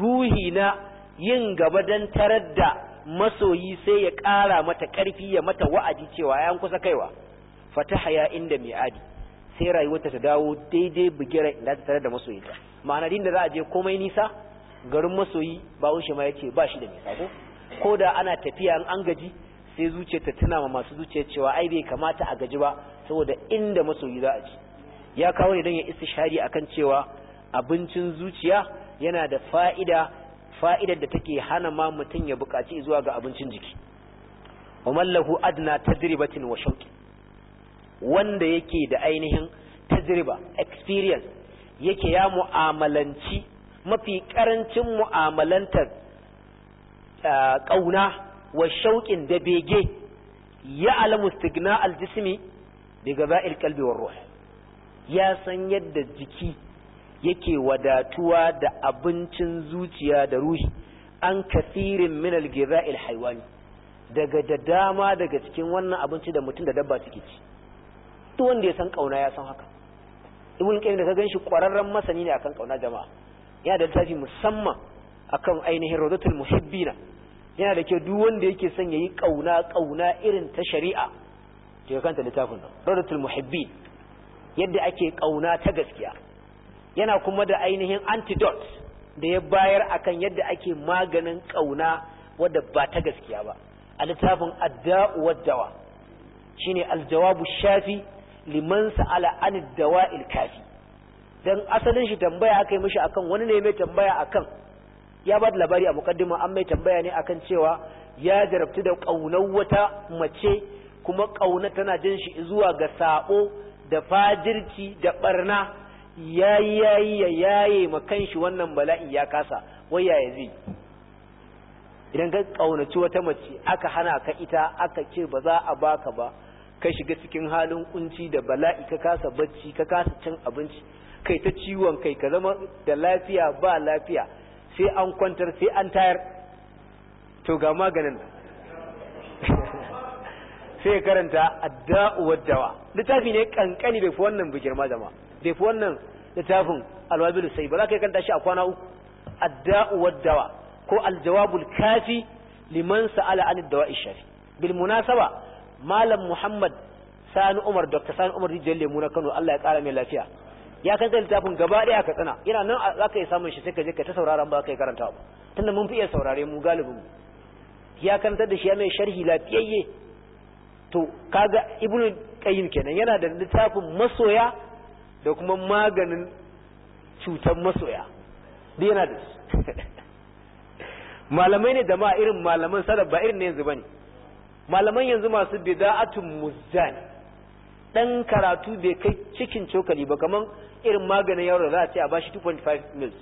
ruhi na yin gaba dan tarar da masoyi sai ya ƙara mata ƙarfi ya mata wa'adi cewa ya kusa kaiwa fataha ya inda mai mi'adi sai rayuwarta ta dawo daidai bugira inda ta tare da masoyinta ma'ana din da za a je komai nisa garin masoyi ba wuce ma yace ba shi da nisa ko ko da ana tafiya an an gaji sai zuciya ta tuna ma masu zuciya cewa ai bai kamata a gaji ba saboda inda masoyi za a ci ya kawo ne don ya istishari akan cewa abincin zuciya yana da fa'ida fa'idar da take hana ma mutum ya buƙaci zuwa ga abincin jiki wa mallahu adna tajribatin wa shauƙi. wanda yake da ainihin ta tajriba experience yake ya mu'amalanci mafi ƙarancin mu'amalantar ƙauna wa shauƙin da bege ya alamu stigna aljismi daga zair kalbi ruwa ya san yadda jiki yake wadatuwa da abincin zuciya da ruhi an kafirin min al-ghidha'il daga da dama daga cikin wannan abinci da mutum da dabba suke ci duk wanda ya san kauna ya san haka ibn qayyim da ka ganshi kwararren masani ne akan kauna jama'a yana da littafi musamman akan ainihin rodatul muhibbina yana da kyau duk wanda yake son yayi kauna kauna irin ta shari'a to ya kanta littafin nan rodatul yadda ake kauna ta gaskiya yana kuma da ainihin antidote da ya bayar akan yadda ake maganin ƙauna wadda ba ta gaskiya ba a littafin adda'u waddawa shine aljawabu shafi limansa sa'ala an dawa'il kafi dan asalin shi tambaya aka yi mishi akan wani ne mai tambaya akan ya ba da labari a mukaddima an mai tambaya ne akan cewa ya jarabtu da ƙaunar wata mace kuma ƙauna tana jin shi zuwa ga sabo da fajirci da ɓarna. yayi yayi ya yaye ma kanshi wannan bala'i ya kasa wai yaya zai idan ka kaunaci wata mace aka hana ka ita aka ce ba za a baka ba ka shiga cikin halin kunci da bala'i ka kasa bacci ka kasa cin abinci kai ta ciwon kai ka zama da lafiya ba lafiya sai an kwantar sai an tayar to ga maganin sai karanta adda'u wadawa littafi ne kankani da fi wannan bijirma jama'a bai fi wannan littafin alwabil sai ba za ka yi kanta shi a kwana uku adda'u waddawa ko aljawabul kafi liman sa'ala an dawa ishari bil munasaba malam muhammad sani umar dr sani umar rijiyar lemu na kano allah ya kara mai lafiya ya kan littafin gaba ɗaya ka tsana ina nan za ka yi samun shi sai ka je ka ta sauraron ba ka yi karanta ba tunda mun fi iya saurare mu galibin ya karanta da shi ya mai sharhi lafiyayye to kaga ibnu qayyim kenan yana da littafin masoya da kuma maganin cutar masoya da yana da su malamai ne da ma irin malaman salaf ba irin ne yanzu bane malaman yanzu masu bida'atun muzani dan karatu bai kai cikin cokali ba kamar irin maganin da za a ce a bashi 2.5 mils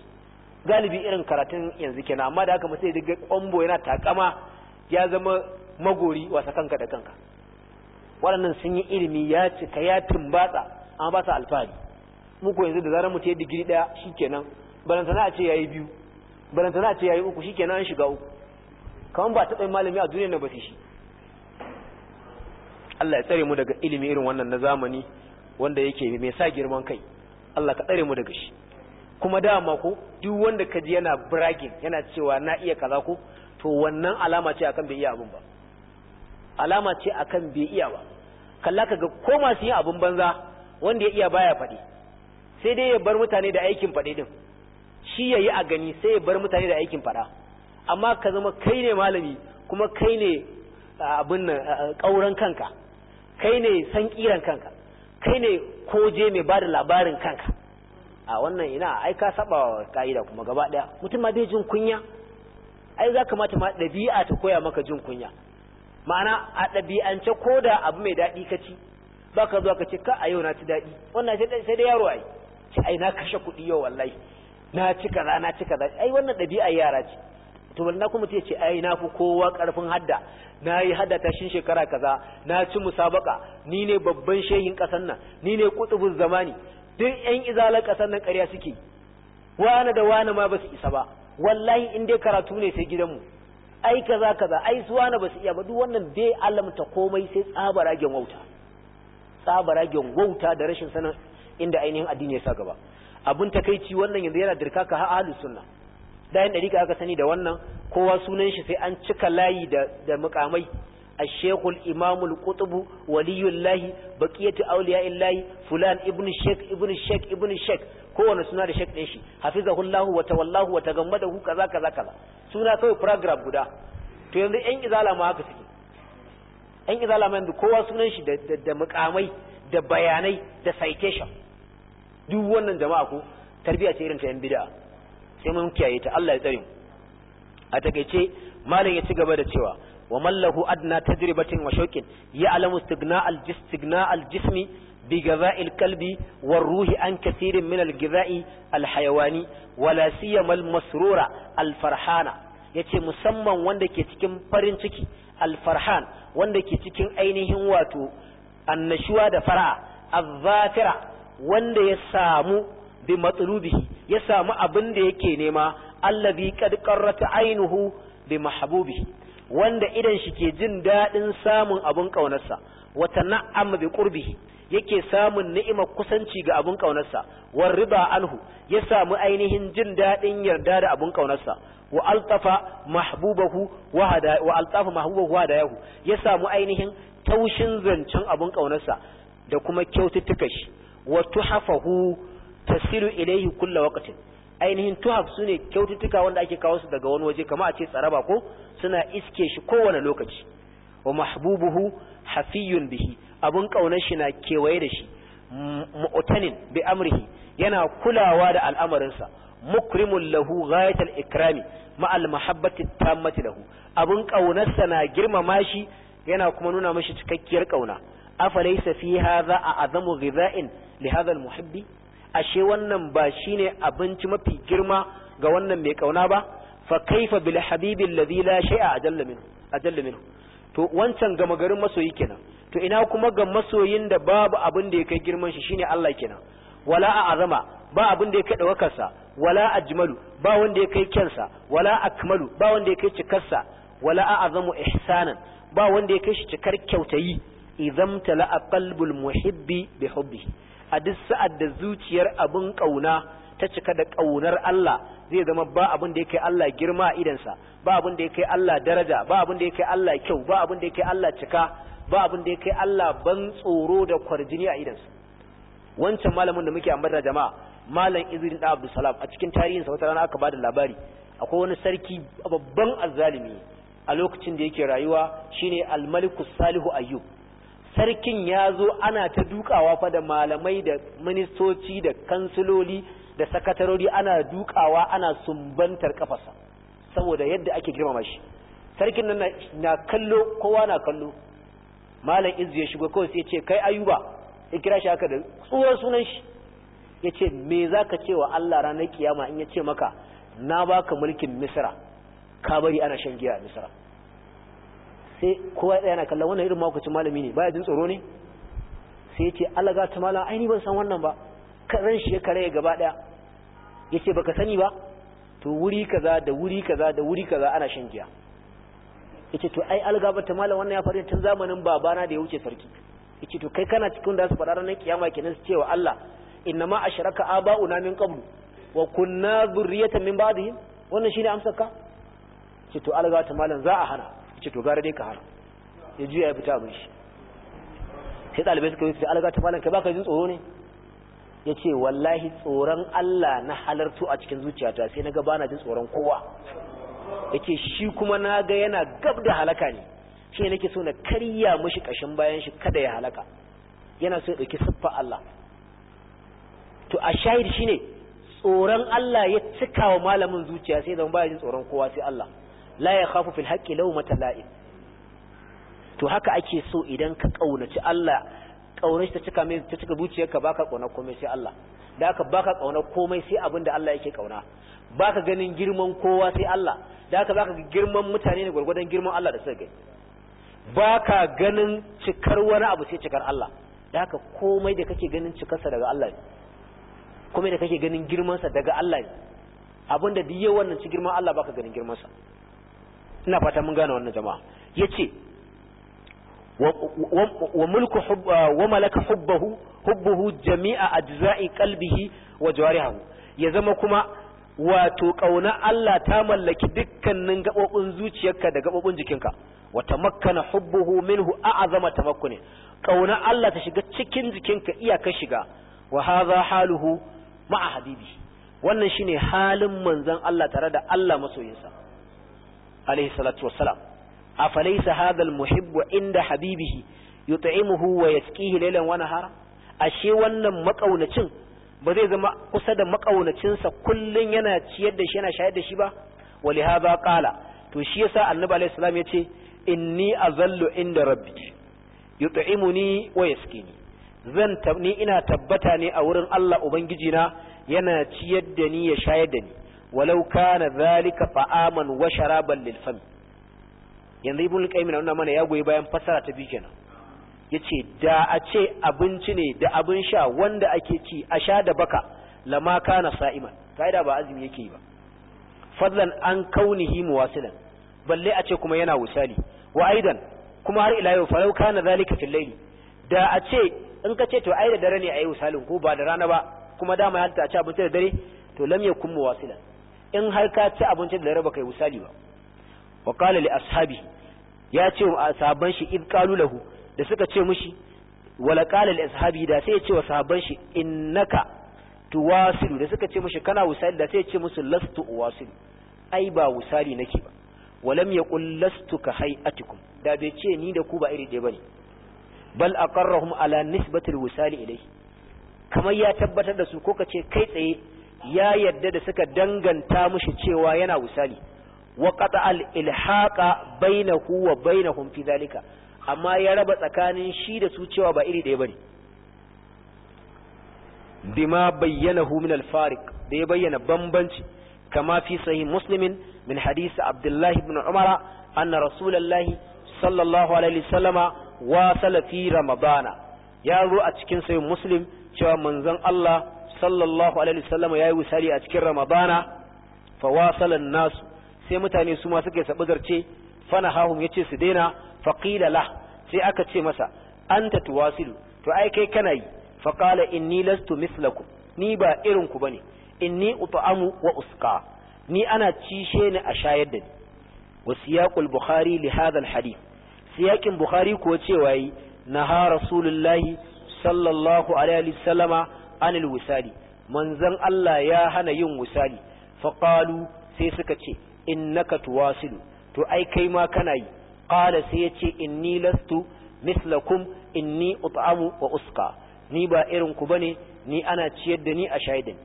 galibi irin karatun yanzu kenan amma da haka mutum daga ƙwambo yana takama ya zama magori wasa kanka da kanka waɗannan sun yi ilimi ya cika ya tumbatsa amma ba su alfahari muku yanzu da zarar mutu ya digiri daya kenan balantana a ce ya yi biyu balantana a ce yi uku shi kenan an shiga uku kamar ba taɓa malami a duniyar na ba shi Allah ya tsare mu daga ilimin irin wannan na zamani wanda yake mai sa girman kai Allah ka tsare mu daga shi kuma dama ko duk wanda ka ji yana bragging yana cewa na iya kaza ko to wannan alama ce akan bai iya abun ba alama ce akan bai iya ba kalla kaga ko masu yin abun banza wanda ya iya baya faɗi sai dai ya bar mutane da aikin faɗe ɗin shi ya yi a gani sai ya bar mutane da aikin faɗa amma ka zama kai ne malami kuma kai ne abin nan kanka kai ne san kiran kanka kai ne koje mai ba da labarin kanka a wannan ina ai ka saba ka'ida kuma gaba ɗaya mutum ma bai jin kunya ai za kamata ma ɗabi'a ta koya maka jin kunya ma'ana a ɗabi'ance ko da abu mai daɗi ka ci ba ka zuwa ka ce ka a yau na ci daɗi wannan sai dai yaro ai ce ai na kashe kuɗi yau wallahi na ci kaza na ci kaza ai wannan ɗabi'a yara ce to na kuma ce ai na fi kowa ƙarfin hadda na yi hadda ta shin shekara kaza na ci musabaka ni ne babban shehin ƙasar nan ni ne kutubun zamani duk yan izalar ƙasar nan ƙarya suke wani da wani ma ba su isa ba wallahi in dai karatu ne sai gidanmu ai kaza kaza ai su wani ba su iya ba duk wannan dai alamta komai sai tsabaragen wauta tsabaragen wauta da rashin sanar inda ainihin addini ya sa gaba abun takaici wannan yanzu yana dirka ka ha ahlus sunna dan dariƙa aka sani da wannan kowa sunan shi sai an cika layi da da muqamai ash-shaykhul imamul qutb waliyullah baqiyatu awliya'illah fulan ibnu shaykh ibnu shaykh ibnu shaykh kowanne suna da shaykh din shi hafizahullahu wa tawallahu wa tagammadahu kaza kaza kaza suna kai program guda to yanzu ɗan izala ma haka suke ɗan izala ma yanzu kowa sunan shi da da muqamai da bayanai da citation duk wannan jama'a ko tarbiya ce irin ta yan bid'a sai mun kiyaye ta Allah ya tsare mu a takeice malam ya ci gaba da cewa wa mallahu adna tajribatin wa shauqin ya'lamu istighna al al-jismi bi ghaza'i al-qalbi war ruhi an kathirin min al-ghiza'i al-hayawani wala siyama al-masrura al-farhana yace musamman wanda ke cikin farin ciki al-farhan wanda ke cikin ainihin wato annashuwa da fara'a az-zafira wanda ya samu bi matsulubihi ya samu abin da yake nema allazi qad qarrata ainuhu bi mahbubi wanda idan shi ke jin daɗin samun abin ƙaunarsa wata na'am bi qurbihi yake samun ni'imar kusanci ga abin ƙaunarsa war riba anhu ya samu ainihin jin daɗin yarda da abin kaunarsa wa altafa mahbubahu wa hada wa altafa mahbubahu wa hadayahu ya samu ainihin taushin zancen abin ƙaunarsa da kuma kyaututtuka shi wa tuhafahu tasiru ilaihi kulla waqtin ainihin tuhaf sune kyaututtuka wanda ake kawo su daga wani waje kama a ce tsaraba ko suna iske shi kowane lokaci wa mahbubuhu hafiyun bihi abun kaunar shi na kewaye da shi mu'tanin bi amrihi yana kulawa da al'amarinsa mukrimul lahu ghayatul ikrami ma'al mahabbati tammati lahu abun ƙaunarsa na girmama shi yana kuma nuna mashi cikakkiyar kauna afalaysa fi hadha a azamu ghidha'in li hadha muhibbi ashe wannan ba shine abinci mafi girma ga wannan mai kauna ba fa kaifa bil habibi alladhi la shay'a ajalla minhu ajalla minhu to wancan gama garin masoyi kenan to ina kuma ga masoyin da babu abin da ya kai girman shi shine Allah kenan wala a azama ba abin da ya kai dawakarsa wala ajmalu ba wanda ya kai kyansa wala akmalu ba wanda ya kai cikarsa wala a azamu ihsanan ba wanda ya kai shi cikar kyautayi idan tala qalbul muhibbi bi hubbihi a duk sa'ad da zuciyar abin kauna ta cika da kaunar Allah zai zama ba abin da yake Allah girma a idansa ba abin da yake Allah daraja ba abin da yake Allah kyau ba abin da yake Allah cika ba abin da yake Allah ban tsoro da kwarjini a idansa wancan malamin da muke ambata jama'a malam Izrin da Abdul Salam a cikin tarihin sa wata rana aka bada labari akwai wani sarki babban azzalimi a lokacin da yake rayuwa shine al Salihu Ayyub sarkin ya zo ana ta dukawa fa da malamai da ministoci da kansiloli da sakatarori ana dukawa ana sumbantar kafasa saboda yadda ake girmama shi sarkin nan na kallo kowa na kallo malam izu ya shigo kawai sai ce kai ayuba ya kira shi haka da tsohon sunan shi ya ce me za ka ce wa allah ranar kiyama in ya ce maka na baka mulkin misra ka bari ana shan giya a misra sai kowa ya na kallon wannan irin makwacin malami ne baya jin tsoro ne sai ce alaga ta mala aini ban san wannan ba ran shi ya kare gaba daya ba baka sani ba to wuri kaza da wuri kaza da wuri kaza ana shan giya ce to ai alaga ba ta mala wannan ya faru tun zamanin babana da ya wuce sarki ce to kai kana cikin da su faɗa ranar kiyama kenan su cewa Allah innama ashraka aba'una min qablu wa kunna dhurriyatan min ba'dihim wannan shine amsar ka ce to alaga ta malan za a hana ce to gara dai ka har ya ji ya fita abin shi sai ɗalibai suka yi su alaga ta malam ka baka jin tsoro ne ya ce wallahi tsoron Allah na halartu a cikin zuciyata sai na ga bana jin tsoron kowa ya ce shi kuma na ga yana gab da halaka ne shi nake so na karya mashi ƙashin bayan shi kada ya halaka yana so ya ɗauki siffa Allah to a shahid shi ne tsoron Allah ya cika wa malamin zuciya sai zama baya jin tsoron kowa sai Allah la ya khafu fil haqqi lawmata la'im to haka ake so idan ka kaunaci Allah kaunar ta cika mai ta cika zuciyarka baka kauna komai sai Allah da haka baka kauna komai sai abinda da Allah yake kauna baka ganin girman kowa sai Allah da haka baka girman mutane ne gurgurdan girman Allah da suka baka ganin cikar wani abu sai cikar Allah da haka komai da kake ganin cikarsa daga Allah ne komai da kake ganin girmansa daga Allah ne abinda duk yawan nan ci girman Allah baka ganin girmansa ina fata mun gane wannan jama'a yace wa mulku wa malaka hubbahu hubbuhu jami'a ajza'i qalbihi wa jawarihi ya zama kuma wato kauna Allah ta mallaki dukkanin gabobin zuciyarka da gabobin jikinka wa tamakkana hubbuhu minhu a'zama tamakkuni kauna Allah ta shiga cikin jikinka iyaka shiga wa hadha haluhu ma'a habibi wannan shine halin manzon Allah tare da Allah masoyinsa alaihi salatu inda habibihi wa ashe wannan makaunacin ba zama kusa da makaunacinsa kullun yana ciyar da ba walihaza to shi annabi alaihi salam zan ina tabbata ne a wurin Allah ubangiji na yana ciyar da ni ya shayar da ni walau kana zalika fa'aman wa sharaban lil fam yanzu ibn qayyim na mana ya goyi bayan fasara ta biyu kenan yace da a ce abinci ne da abin sha wanda ake ci a sha da baka lama kana sa'iman kaida ba azumi yake yi ba fadlan an kaunihi muwasilan balle a ce kuma yana wusali wa aidan kuma har ila yau falau kana zalika fil layli da a ce in ka ce to ai da dare ne ayi wusalin ko ba da rana ba kuma dama ya ta ci abinci da dare to lam yakun muwasilan in har ka ci abinci da raba kai wusali ba wa qala li ashabi ya ce wa sahabban shi id qalu lahu da suka ce mishi la qala li ashabi da sai ya ce wa sahabban shi innaka tuwasil da suka ce mishi kana wusali da sai ya ce musu lastu wasil ai ba wusali nake ba walam yaqul lastu ka hay'atikum da bai ce ni da ku ba iri ɗaya bane bal aqarrahum ala nisbati alwisali ilayhi kamar ya tabbatar da su ko ce kai tsaye ya yadda da suka danganta mushi cewa yana wusali wa qata al ilhaqa bainahu wa bainahum fi zalika amma ya raba tsakanin shi da su cewa ba iri daya bane bima bayyanahu min al fariq da ya bayyana bambanci kama fi sahih muslimin min hadisi abdullahi ibn umara anna rasulullahi sallallahu alaihi wasallama wa salafi ramadana ya zo a cikin sahih muslim cewa manzon Allah sallallahu alaihi wasallam yayi wusali a cikin ramadana fa wasala nas sai mutane su ma suka ce. fana hahum yace su daina fa qila la sai aka ce masa anta tuwasilu to ai kai kana yi fa qala inni lastu mislakum ni ba irin ku bane inni ut'amu wa uska. ni ana cishe ni a shayar da ni wasiyaqul bukhari li hadha al hadith siyakin bukhari ko cewa yi naha rasulullahi sallallahu alaihi wasallama anil wisali manzon Allah ya hana yin wisali faƙalu sai suka ce innaka tuwasilu to ai kai ma kana yi ƙala sai ya ce inni lastu mislakum inni ut'amu wa uska ni ba irin ku bane ni ana ciyar da ni a shaidin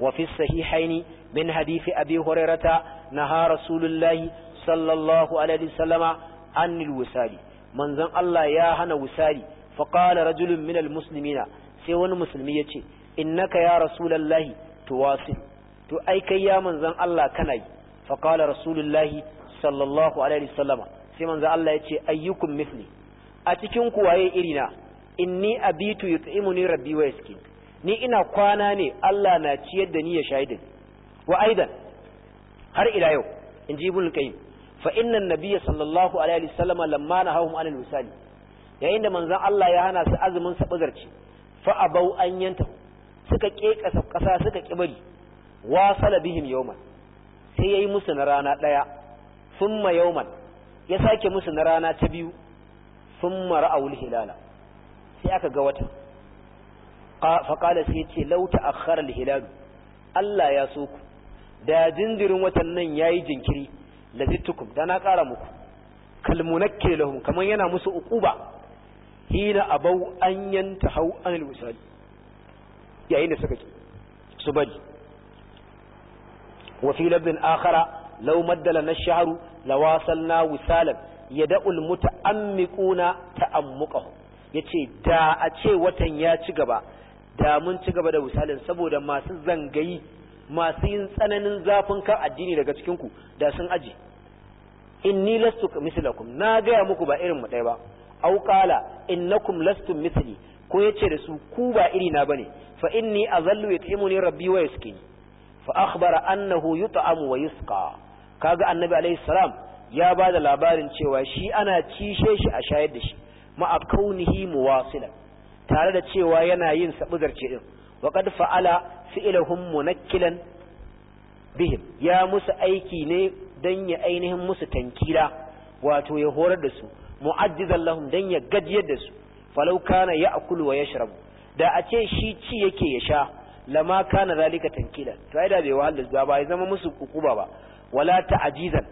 wa fi sahihaini min hadisi abi hurairata naha rasulullahi sallallahu alaihi wasallama anil wisali manzon Allah ya hana wisali فقال رجل min المسلمين sai wani musulmi ya ce innaka ya rasulallahi tuwasil to ai kai ya manzan Allah kana yi fa qala rasulullahi sallallahu alaihi wasallama sai manzan Allah ya ce ayyukum mithli a cikin ku waye irina inni abitu yut'imuni rabbi wa yaskin ni ina kwana ne Allah na ciyar da ni ya shaidin wa aidan har ila yau in ji ibn qayyim fa inna an-nabiyya sallallahu alaihi wasallama lamma hau anil wisali yayin da manzon Allah ya hana su azumin sabazarci fa abau an yanta suka kekasa ƙasa suka wa wasala bihim yawman sai ya yi musu na rana daya thumma yawman ya sake musu na rana ta biyu sun ma ra'awul hilala sai aka ga wata fa sai ce lauta a al hilalu Allah ya so ku da jinjirin watan nan ya yi jinkiri zittukum da na ƙara muku kalmunakke lahum kaman yana musu uku ba. hina abau an yanta hau anil misali yayin da suka ki su bari wa fi labdin akhara law maddala na shaharu lawasalna wisalan an muta'ammiquna ta'ammuqahu yace da a ce watan ya ci gaba da mun ci gaba da wisalin saboda masu zangayi masu yin tsananin zafin kan addini daga cikin ku da sun aji ni lastu mislakum na gaya muku ba irin mu ɗaya ba aw qala innakum lastum mithli ko yace da su ku ba iri na bane fa inni azallu yut'imuni rabbi wa yasqini fa akhbara annahu yut'amu wa yusqa kaga annabi alayhi salam ya bada labarin cewa shi ana cishe shi a shayar da shi ma'a kaunihi muwasilan tare da cewa yana yin sabuzarce din wa qad fa'ala fi'lahum munakkilan bihim ya musu aiki ne dan ya ainihin musu tankila wato ya horar da su mu'ajjizan lahum dan ya gajiyar da su falau kana ya'kulu wa yashrabu da a ce shi ci yake ya sha lama kana zalika tankila to ai da bai wahal da ba ya zama musu kukuba ba wala ta'jizan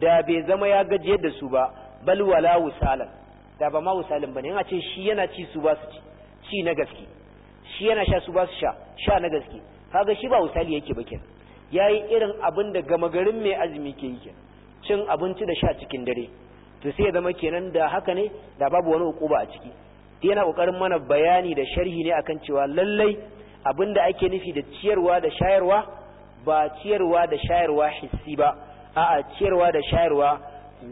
da bai zama ya gajiyar da su ba bal wala wusalan da ba ma wusalin bane a ce shi yana ci su ba su ci ci na gaske shi yana sha su ba su sha sha na gaske kaga shi ba wusali yake ba kenan yayi irin abin gama garin mai azumi ke yi kenan cin abinci da sha cikin dare to sai ya zama kenan da haka ne da babu wani hukuba a ciki yana kokarin mana bayani da sharhi ne akan cewa lallai abinda ake nufi da ciyarwa da shayarwa ba ciyarwa da shayarwa hissi ba a'a ciyarwa da shayarwa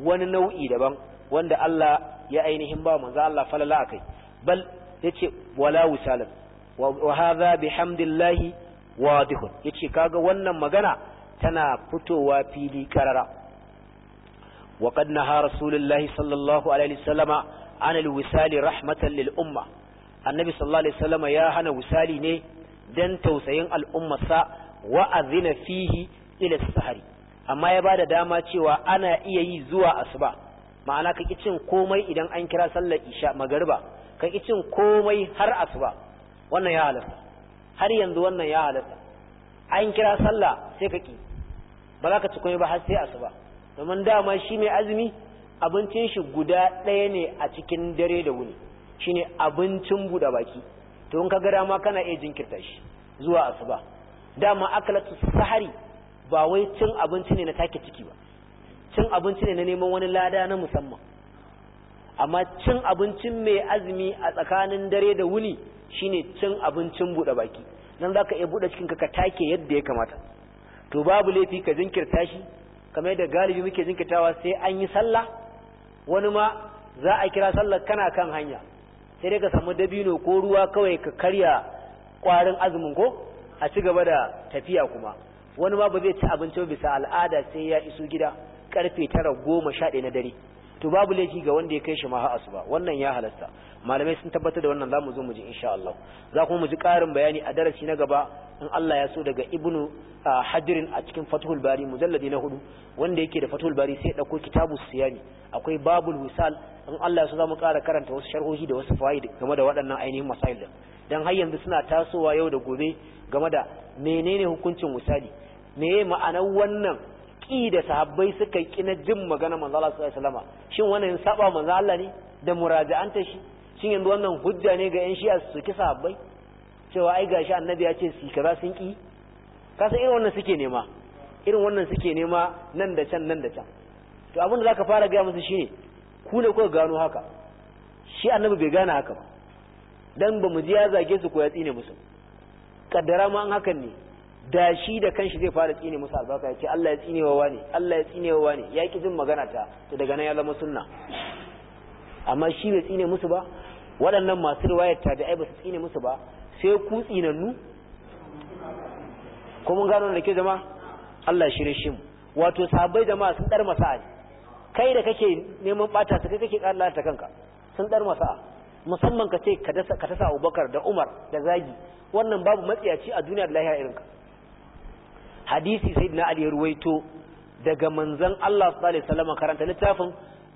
wani nau'i daban wanda Allah ya ainihin ba manzo Allah falala akai bal yace wala wisalan wa hadha bihamdillahi wadihun yace kaga wannan magana tana fitowa fili karara وقد نهى رسول الله صلى الله عليه وسلم عن الوسال رحمة للأمة النبي صلى الله عليه وسلم يا هنا وسالي ني دن توسين الأمة سا وأذن فيه إلى السهر أما يبادة داما تيوى أنا إيهي زوى أسبا ma'ana ka cin komai idan an kira sallar isha magariba ka cin komai har asuba wannan ya halatta har yanzu wannan ya halatta an kira sallah sai ka ki ba za ka ci komai ba har sai asuba domin dama shi mai azumi abincin shi guda ɗaya ne a cikin dare da wuni shine abincin buɗe baki to in ka ga dama kana iya jinkirta shi zuwa asuba dama akalatu sahari ba wai cin abinci ne na take ciki ba cin abinci ne na neman wani lada na musamman amma cin abincin mai azumi a tsakanin dare da wuni shine cin abincin buɗe baki nan zaka iya buɗe cikin ka take yadda ya kamata to babu laifi ka jinkirta shi kamar da galibi muke jinkitawa sai an yi sallah wani ma za a kira sallah kana kan hanya sai dai ka samu dabino ko ruwa kawai ka karya kwarin azumin ko a ci gaba da tafiya kuma wani ma ba zai ci abinci bisa al'ada sai ya iso gida karfe tara goma sha ɗaya na dare to babu laifi ga wanda ya kai shi maha asuba wannan ya halasta malamai sun tabbatar da wannan zamu zo mu ji insha Allah za kuma mu ji ƙarin bayani a darasi na gaba in Allah ya so daga ibnu hadirin a cikin fathul bari mujalladi na hudu wanda yake da fathul bari sai dauko kitabu siyani akwai babul wisal in Allah ya so zamu ƙara karanta wasu sharhohi da wasu fawaid game da waɗannan ainihin masail din dan har yanzu suna tasowa yau da gobe game da menene hukuncin wisali meye ma'anar wannan ƙi da sahabbai suka ƙi na jin magana manzo Allah sallallahu alaihi wasallam shin wannan saba manzo Allah ne da muraja'anta shi shin yanzu wannan hujja ne ga yan shi'a su ki sahabbai cewa ai gashi annabi ya ce su kaza sun ƙi ka san irin wannan suke nema irin wannan suke nema nan da can nan da can to abin da zaka fara gaya musu shine ku ne kuka gano haka shi annabi bai gane haka ba dan ba mu ji ya zage su ko ya tsine musu kaddara ma an hakan ne da shi da kanshi zai fara tsine musu albarka ya ce Allah ya tsine wa wani Allah ya tsine wa wani ya ki jin magana ta to daga nan ya zama sunna amma shi bai tsine musu ba waɗannan masu riwayar ai ba su tsine musu ba sai ku tsinannu ko mun gano da ke zama Allah shirye shi mu wato sabai jama'a sun dar masa'a kai da kake neman bata su kai kake Allah ta kanka sun dar masa musamman ka ce ka ta sa Abubakar da Umar da zagi wannan babu matsiyaci a duniya da irin irinka hadisi sayyidina ali ya ruwaito daga manzon Allah sallallahu alaihi wasallam karanta littafin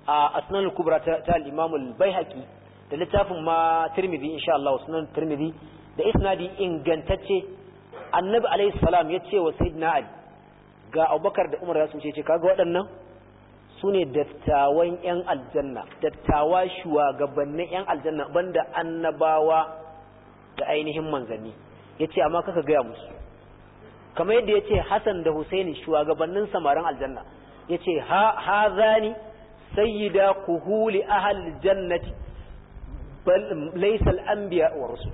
a asnan al-kubra ta al-imam al-baihaqi da littafin ma tirmidhi insha Allah sunan tirmidhi da isnadi ingantacce annabi alaihi salam ya ce wa sayyidina ali ga abubakar da umar su ce kaga waɗannan sune ne dattawan 'yan aljanna dattawa shugabannin 'yan aljanna banda annabawa da ainihin manzanni ya ce amma kaka gaya musu kamar yadda yace Hassan da Husaini shugabannin samarin aljanna yace ha zani sayyida kuhuli ahli jannati bal laysa anbiya wa rusul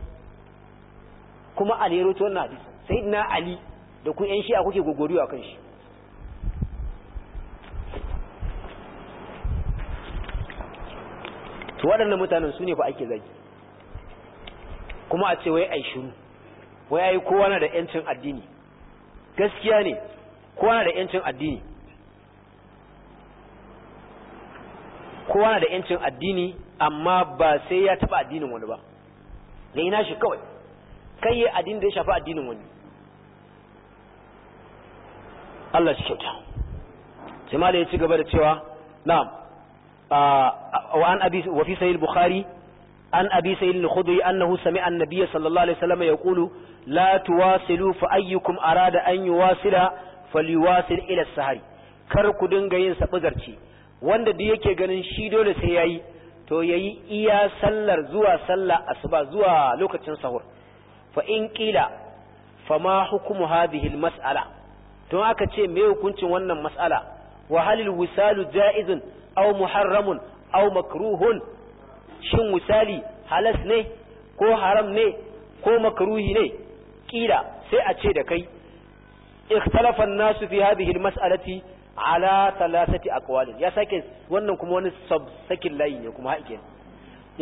kuma Ali rawaito wannan hadisi sayyidina Ali da ku yan shi'a kuke gogoriwa kan shi to waɗannan mutanen su ne fa ake zagi kuma a ce wai yi shiru wai ai kowa na da yancin addini gaskiya ne kowa da yancin addini kowa da yancin addini amma ba sai ya taba addinin wani ba da ina shi kawai kai yi addini da ya shafi addinin wani Allah shi kyauta sai ya ci gaba da cewa na wa an abi wa fi bukhari an abi sai al-khudri annahu sami an-nabiy sallallahu alaihi wasallam yaqulu la tuwasilu fa ayyukum arada an yuwasila falyuwasil ila sahari kar ku dinga yin sabuzarci wanda da yake ganin shi dole sai yayi to yayi iya sallar zuwa sallar asuba zuwa lokacin sahur fa in qila fama hukumu hadhihi al-mas'ala to aka ce me hukuncin wannan mas'ala wa halil wisalu ja'izun aw muharramun aw makruhun shin misali halas ne ko haram ne ko makruhi ne kila sai a ce da kai ikhtalafa an-nasu fi hadhihi al-mas'alati ala thalathati aqwal ya sake wannan kuma wani sub sakin layi ne kuma haike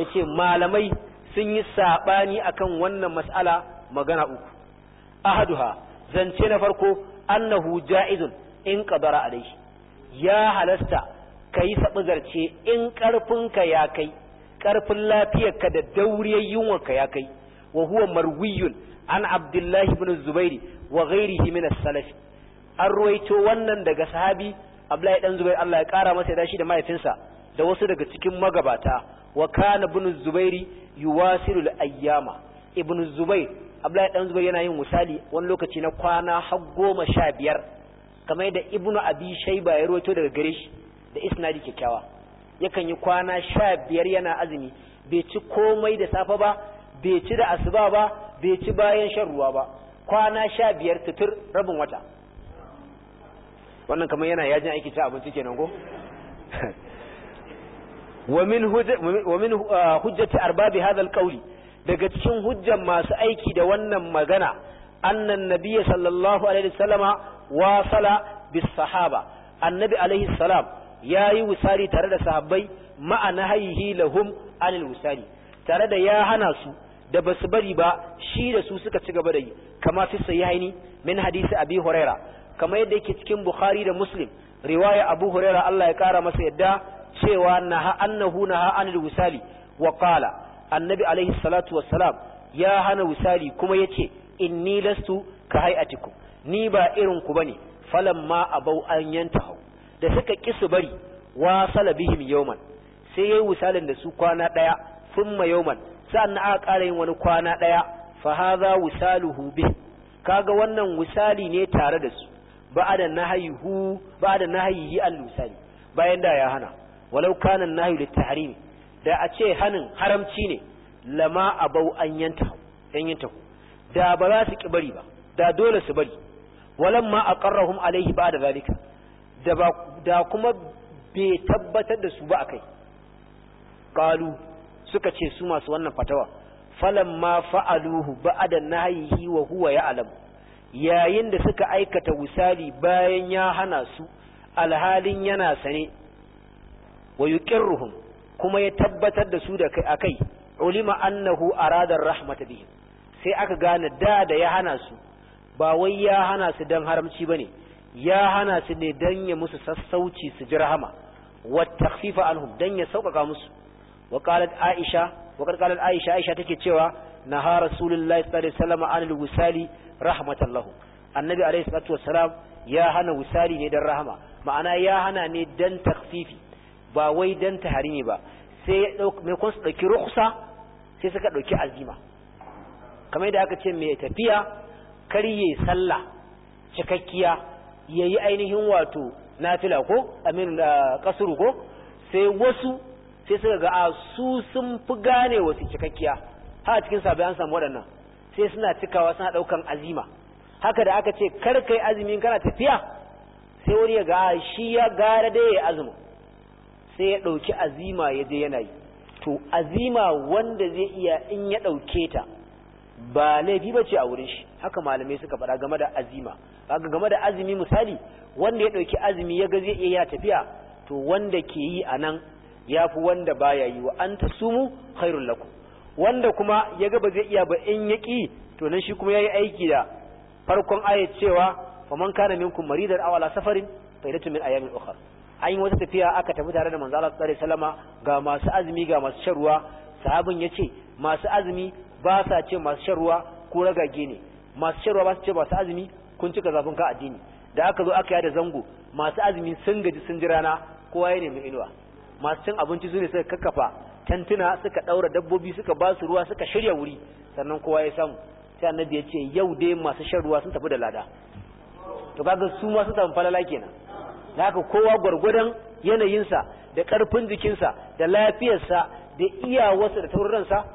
yace malamai sun yi sabani akan wannan mas'ala magana uku ahaduha zance na farko annahu ja'izun in qadara alayhi ya halasta kai sabu zarce in ƙarfinka ya kai karfin ka da dauriyar ka ya kai wa huwa marwiyun an abdullahi ibn zubairi wa ghairihi min as-salaf an ruwaito wannan daga sahabi abdullahi dan zubair Allah ya kara masa dashi da mahaifinsa da wasu daga cikin magabata wa kana ibn zubairi yuwasilu al-ayyama ibn zubair abdullahi dan zubair yana yin misali wani lokaci na kwana har goma sha biyar kamar da ibnu abi shayba ya ruwaito daga gare shi da isnadi kyakkyawa yakan yi kwana sha biyar yana azumi bai ci komai da safe ba bai ci da asuba ba bai ci bayan shan ruwa ba kwana sha biyar tutur rabin wata wannan kamar yana yajin aiki ta abinci nan ko wa min arba bi hadal alqawli daga cikin hujjan masu aiki da wannan magana annan nabiya sallallahu alaihi wa wasala bis sahaba annabi alaihi salam ya yi wusari tare da sahabbai ma'ana haihi lahum anil wusari tare da ya hana su da ba su bari ba shi da su suka ci gaba da yi kama fi sahihaini min hadisi abi huraira kama yadda yake cikin bukhari da muslim riwaya abu huraira Allah ya kara masa yadda cewa naha annahu naha anil wusali wa qala annabi alaihi salatu wassalam ya hana wusali kuma yace inni lastu ka hayatikum ni ba irin ku bane falamma abau an yantahu da suka ki su bari wasala bihim yawman sai yayi wisalin da su kwana daya thumma yawman sannan aka kara yin wani kwana daya fa hadha wusaluhu bih kaga wannan wisali ne tare da su ba'da nahyihu ba'da nahyihi al wusali bayan da ya hana walau kana nahyu lit-tahrim da a ce hanin haramci ne lama abau an yanta an yanta da ba za su ki bari ba da dole su bari walamma aqarrahum alaihi ba'da zalika da ba da kuma bai tabbatar da su ba akai Ƙalu suka ce su masu wannan fatawa ma fa'aluhu ba'da nahyihi wa huwa alamu. yayin da suka aikata wusali bayan ya hana su alhalin yana sane wa yuqirruhum kuma ya tabbatar da su da kai akai ulima annahu radar rahmata bihim sai aka gane da da ya hana su ba wai ya hana su dan haramci ba ne. ya hana su ne dan ya musu sassauci su ji rahama wa takhfifa anhum dan ya saukaka musu wa qalat aisha wa qad qalat aisha aisha take cewa naha rasulullahi sallallahu alaihi wasallam anil wisali rahmatallahu annabi alaihi salatu wassalam ya hana wisali ne dan rahama ma'ana ya hana ne dan takhfifi ba wai dan ne ba sai mai kun su ɗauki rukusa sai suka ɗauki azima kamar yadda aka ce mai tafiya karye sallah cikakkiya yayi ainihin wato nafila ko amin da uh, kasuru ko sai wasu sai suka ga su sun fi gane wasu cikakkiya ha cikin sabai an samu waɗannan sai suna cikawa suna ɗaukan azima haka da aka ce kar kai azumi kana tafiya sai wani ya ga shi ya gara da ya azumi sai ya ɗauki azima ya je yana yi to azima wanda zai iya in ya ɗauke ta ba laifi ba ce a wurin shi haka malamai suka faɗa game da azima kaga game da azumi misali wanda ya ɗauki azumi ya ga zai iya tafiya to wanda ke yi a nan ya fi wanda ba ya yi wa an ta sumu khairun laku wanda kuma ya ga ba zai iya ba in ya ƙi to nan shi kuma ya yi aiki da farkon ayat cewa man kana minkum maridan aw ala safarin fa idatu min ayamin ukhra an yi wata tafiya aka tafi tare da manzo Allah salama ga masu azumi ga masu shan ruwa sahabin ce masu azumi ba sa ce masu shan ruwa ko ragage ne masu shan ba su ce masu azumi kun cika zafin ka addini da aka zo aka yada zango masu azumi sun gaji sun ji rana kowa ya nemi inuwa masu cin abinci su ne suka kakkafa tantuna suka daura dabbobi suka ba su ruwa suka shirya wuri sannan kowa ya samu sai annabi ya ce yau dai masu shan ruwa sun tafi da lada to kaga su ma su samu falala kenan da haka kowa gwargwadon yanayinsa da karfin jikinsa da lafiyarsa da iyawarsa da taurinsa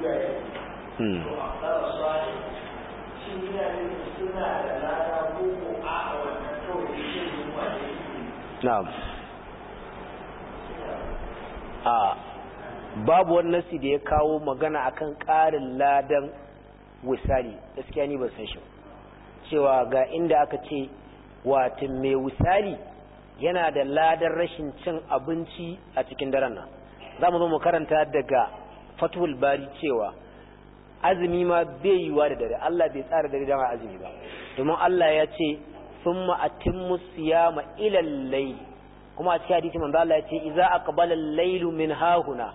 Hmm. a babu wani nasi da ya kawo magana akan ƙarin ladan wisali gaskiya ni ban san shi cewa ga inda aka ce watan mai wisali yana da ladan rashin cin abinci a cikin daren nan za mu zo mu karanta daga fathul bari cewa azumi ma bai yiwa da dare Allah bai tsara dare dama azumi ba domin Allah ya ce sun atimmu siyama ila layl kuma a cikin hadisi manzo Allah ya ce idza aqbala al-laylu min hahuna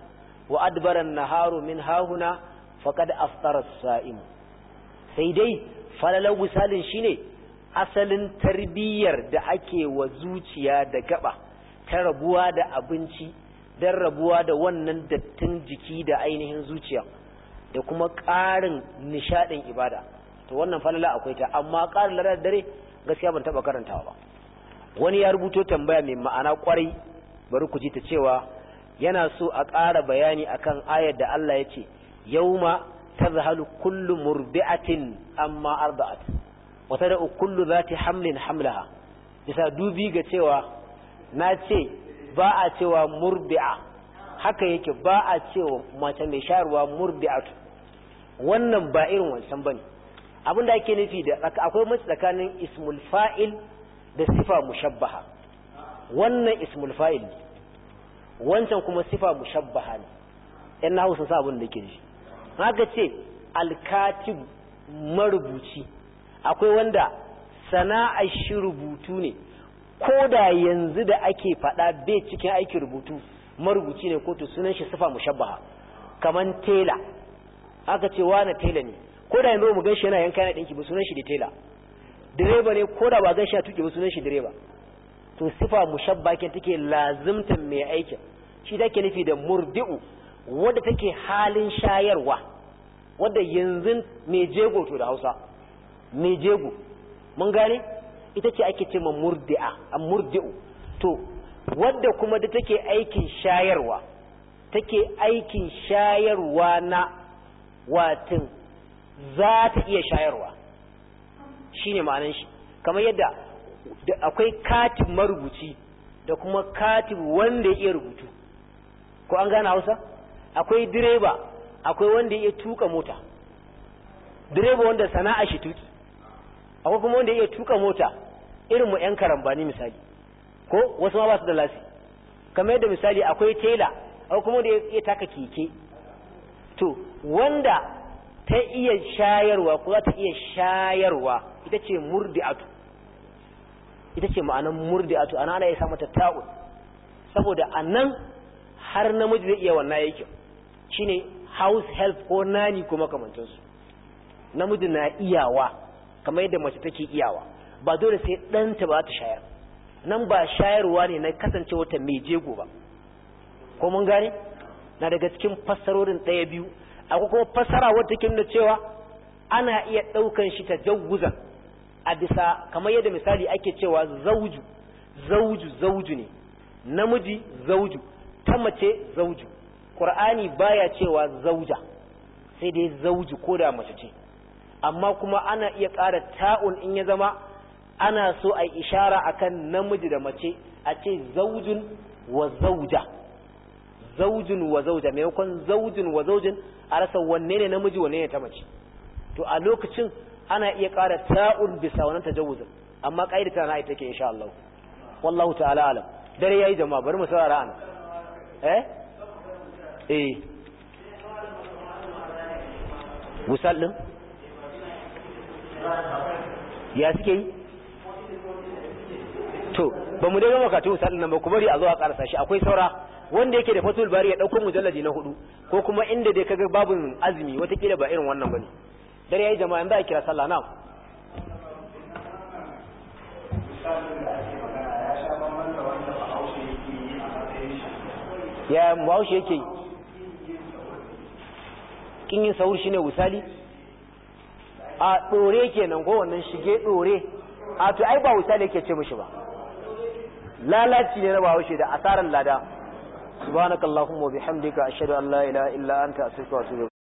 wa adbara an-naharu min hahuna faqad aftara as-sa'im sai dai falalar shi shine asalin tarbiyyar da ake wa zuciya da gaba ta rabuwa da abinci don rabuwa da wannan dattin jiki da ainihin zuciya da kuma ƙarin nishaɗin ibada to wannan falala akwai ta amma ƙarin ladar dare gaskiya ban taɓa karantawa ba wani ya rubuto tambaya mai ma'ana kwarai bari ku ji ta cewa yana so a ƙara bayani akan ayar da Allah ya ce yauma tazhalu kullu murbi'atin amma arba'at wa tad'u kullu zati hamlin hamlaha bisa dubi ga cewa na ce ba a cewa murbi'a haka yake ba a cewa mace mai shayarwa murbi'a wannan ba irin wancan bane abinda ake nufi da akwai mace tsakanin ismul fa'il da sifa mushabbaha wannan ismul fa'il ne wancan kuma sifa mushabbaha ne yan na sun sa abin da ke da haka ce alkatib marubuci akwai wanda sana'ar shi rubutu ne ko da yanzu da ake faɗa bai cikin aiki rubutu marubuci ne ko to sunan shi sufa mushabbaha kaman tela aka ce wane tela ne ko da yanzu mu gan shi yana yanka yana ɗinki ba sunan shi da tela direba ne ko da ba gan shi a tuki ba sunan shi direba to sifa mushabbakin take lazimtan mai aikin shi take nufi da murdi'u wadda take halin shayarwa wadda yanzu mai jego to da hausa mai jego mun gane ita ce ake ce ma murdi'a a murdi'u to wadda kuma da take aikin shayarwa take aikin shayarwa na watin za ta iya shayarwa ne ma'anan shi kamar yadda akwai katin marubuci da kuma katin wanda ya iya rubutu ko an gane hausa akwai direba akwai wanda ya tuka mota direba wanda sana'a shi tuki akwai kuma wanda ya tuka mota irin mu 'yan karambani misali ko wasu ma ba su da lasi kamar yadda misali akwai tela akwai kuma da ya taka keke to wanda ta iya shayarwa ko za ta iya shayarwa ita ce murdi'atu ita ce ma'anan murdi'atu ana ana ya samu mata ta'un saboda nan har namiji zai iya wannan shi shine house help ko nani ko makamantansu namiji na iyawa kamar yadda mace take iyawa ba dole sai ɗanta ba ta shayar nan ba shayarwa ne na kasance wata mai jego ba ko mun gane na daga cikin fassarorin ɗaya biyu akwai kuma fassara wata kin da cewa ana iya ɗaukan shi ta jawguza a bisa kamar yadda misali ake cewa zauju zauju zauju ne namiji zauju ta mace zauju qur'ani baya cewa zauja sai dai zauju ko da mace ce amma kuma ana iya ƙara ta'un in ya zama ana so a ishara akan namiji da mace a ce Zaujin wa zauja Zaujin wa zauja maimakon Zaujin wa zaujin a rasa wanne ne namiji wanne ne ta mace to a lokacin ana iya ƙara ta'un bisa wannan tajawuzin amma ƙa'ida na ai take insha Allah wallahu ta'ala alam dare yayi jama'a bari mu saurara an eh eh musallin ya suke yi to ba mu dai makatu katun nan ba ku bari a zo a karasa shi akwai saura wanda yake da fatul bari ya dauko mujalladi na hudu ko kuma inda dai kaga babun azumi watakila ba irin wannan bane dare yayi jama'a yanzu za a kira sallah na ya haushi yake kin yin sahur shine wusali? a dore kenan ko wannan shige dore a to ai ba wusali yake ce mishi ba lalaci ne na bahaushe da asarar lada subhanakallahumma wa bihamdika ashhadu an la ilaha illa anta astaghfiruka wa atubu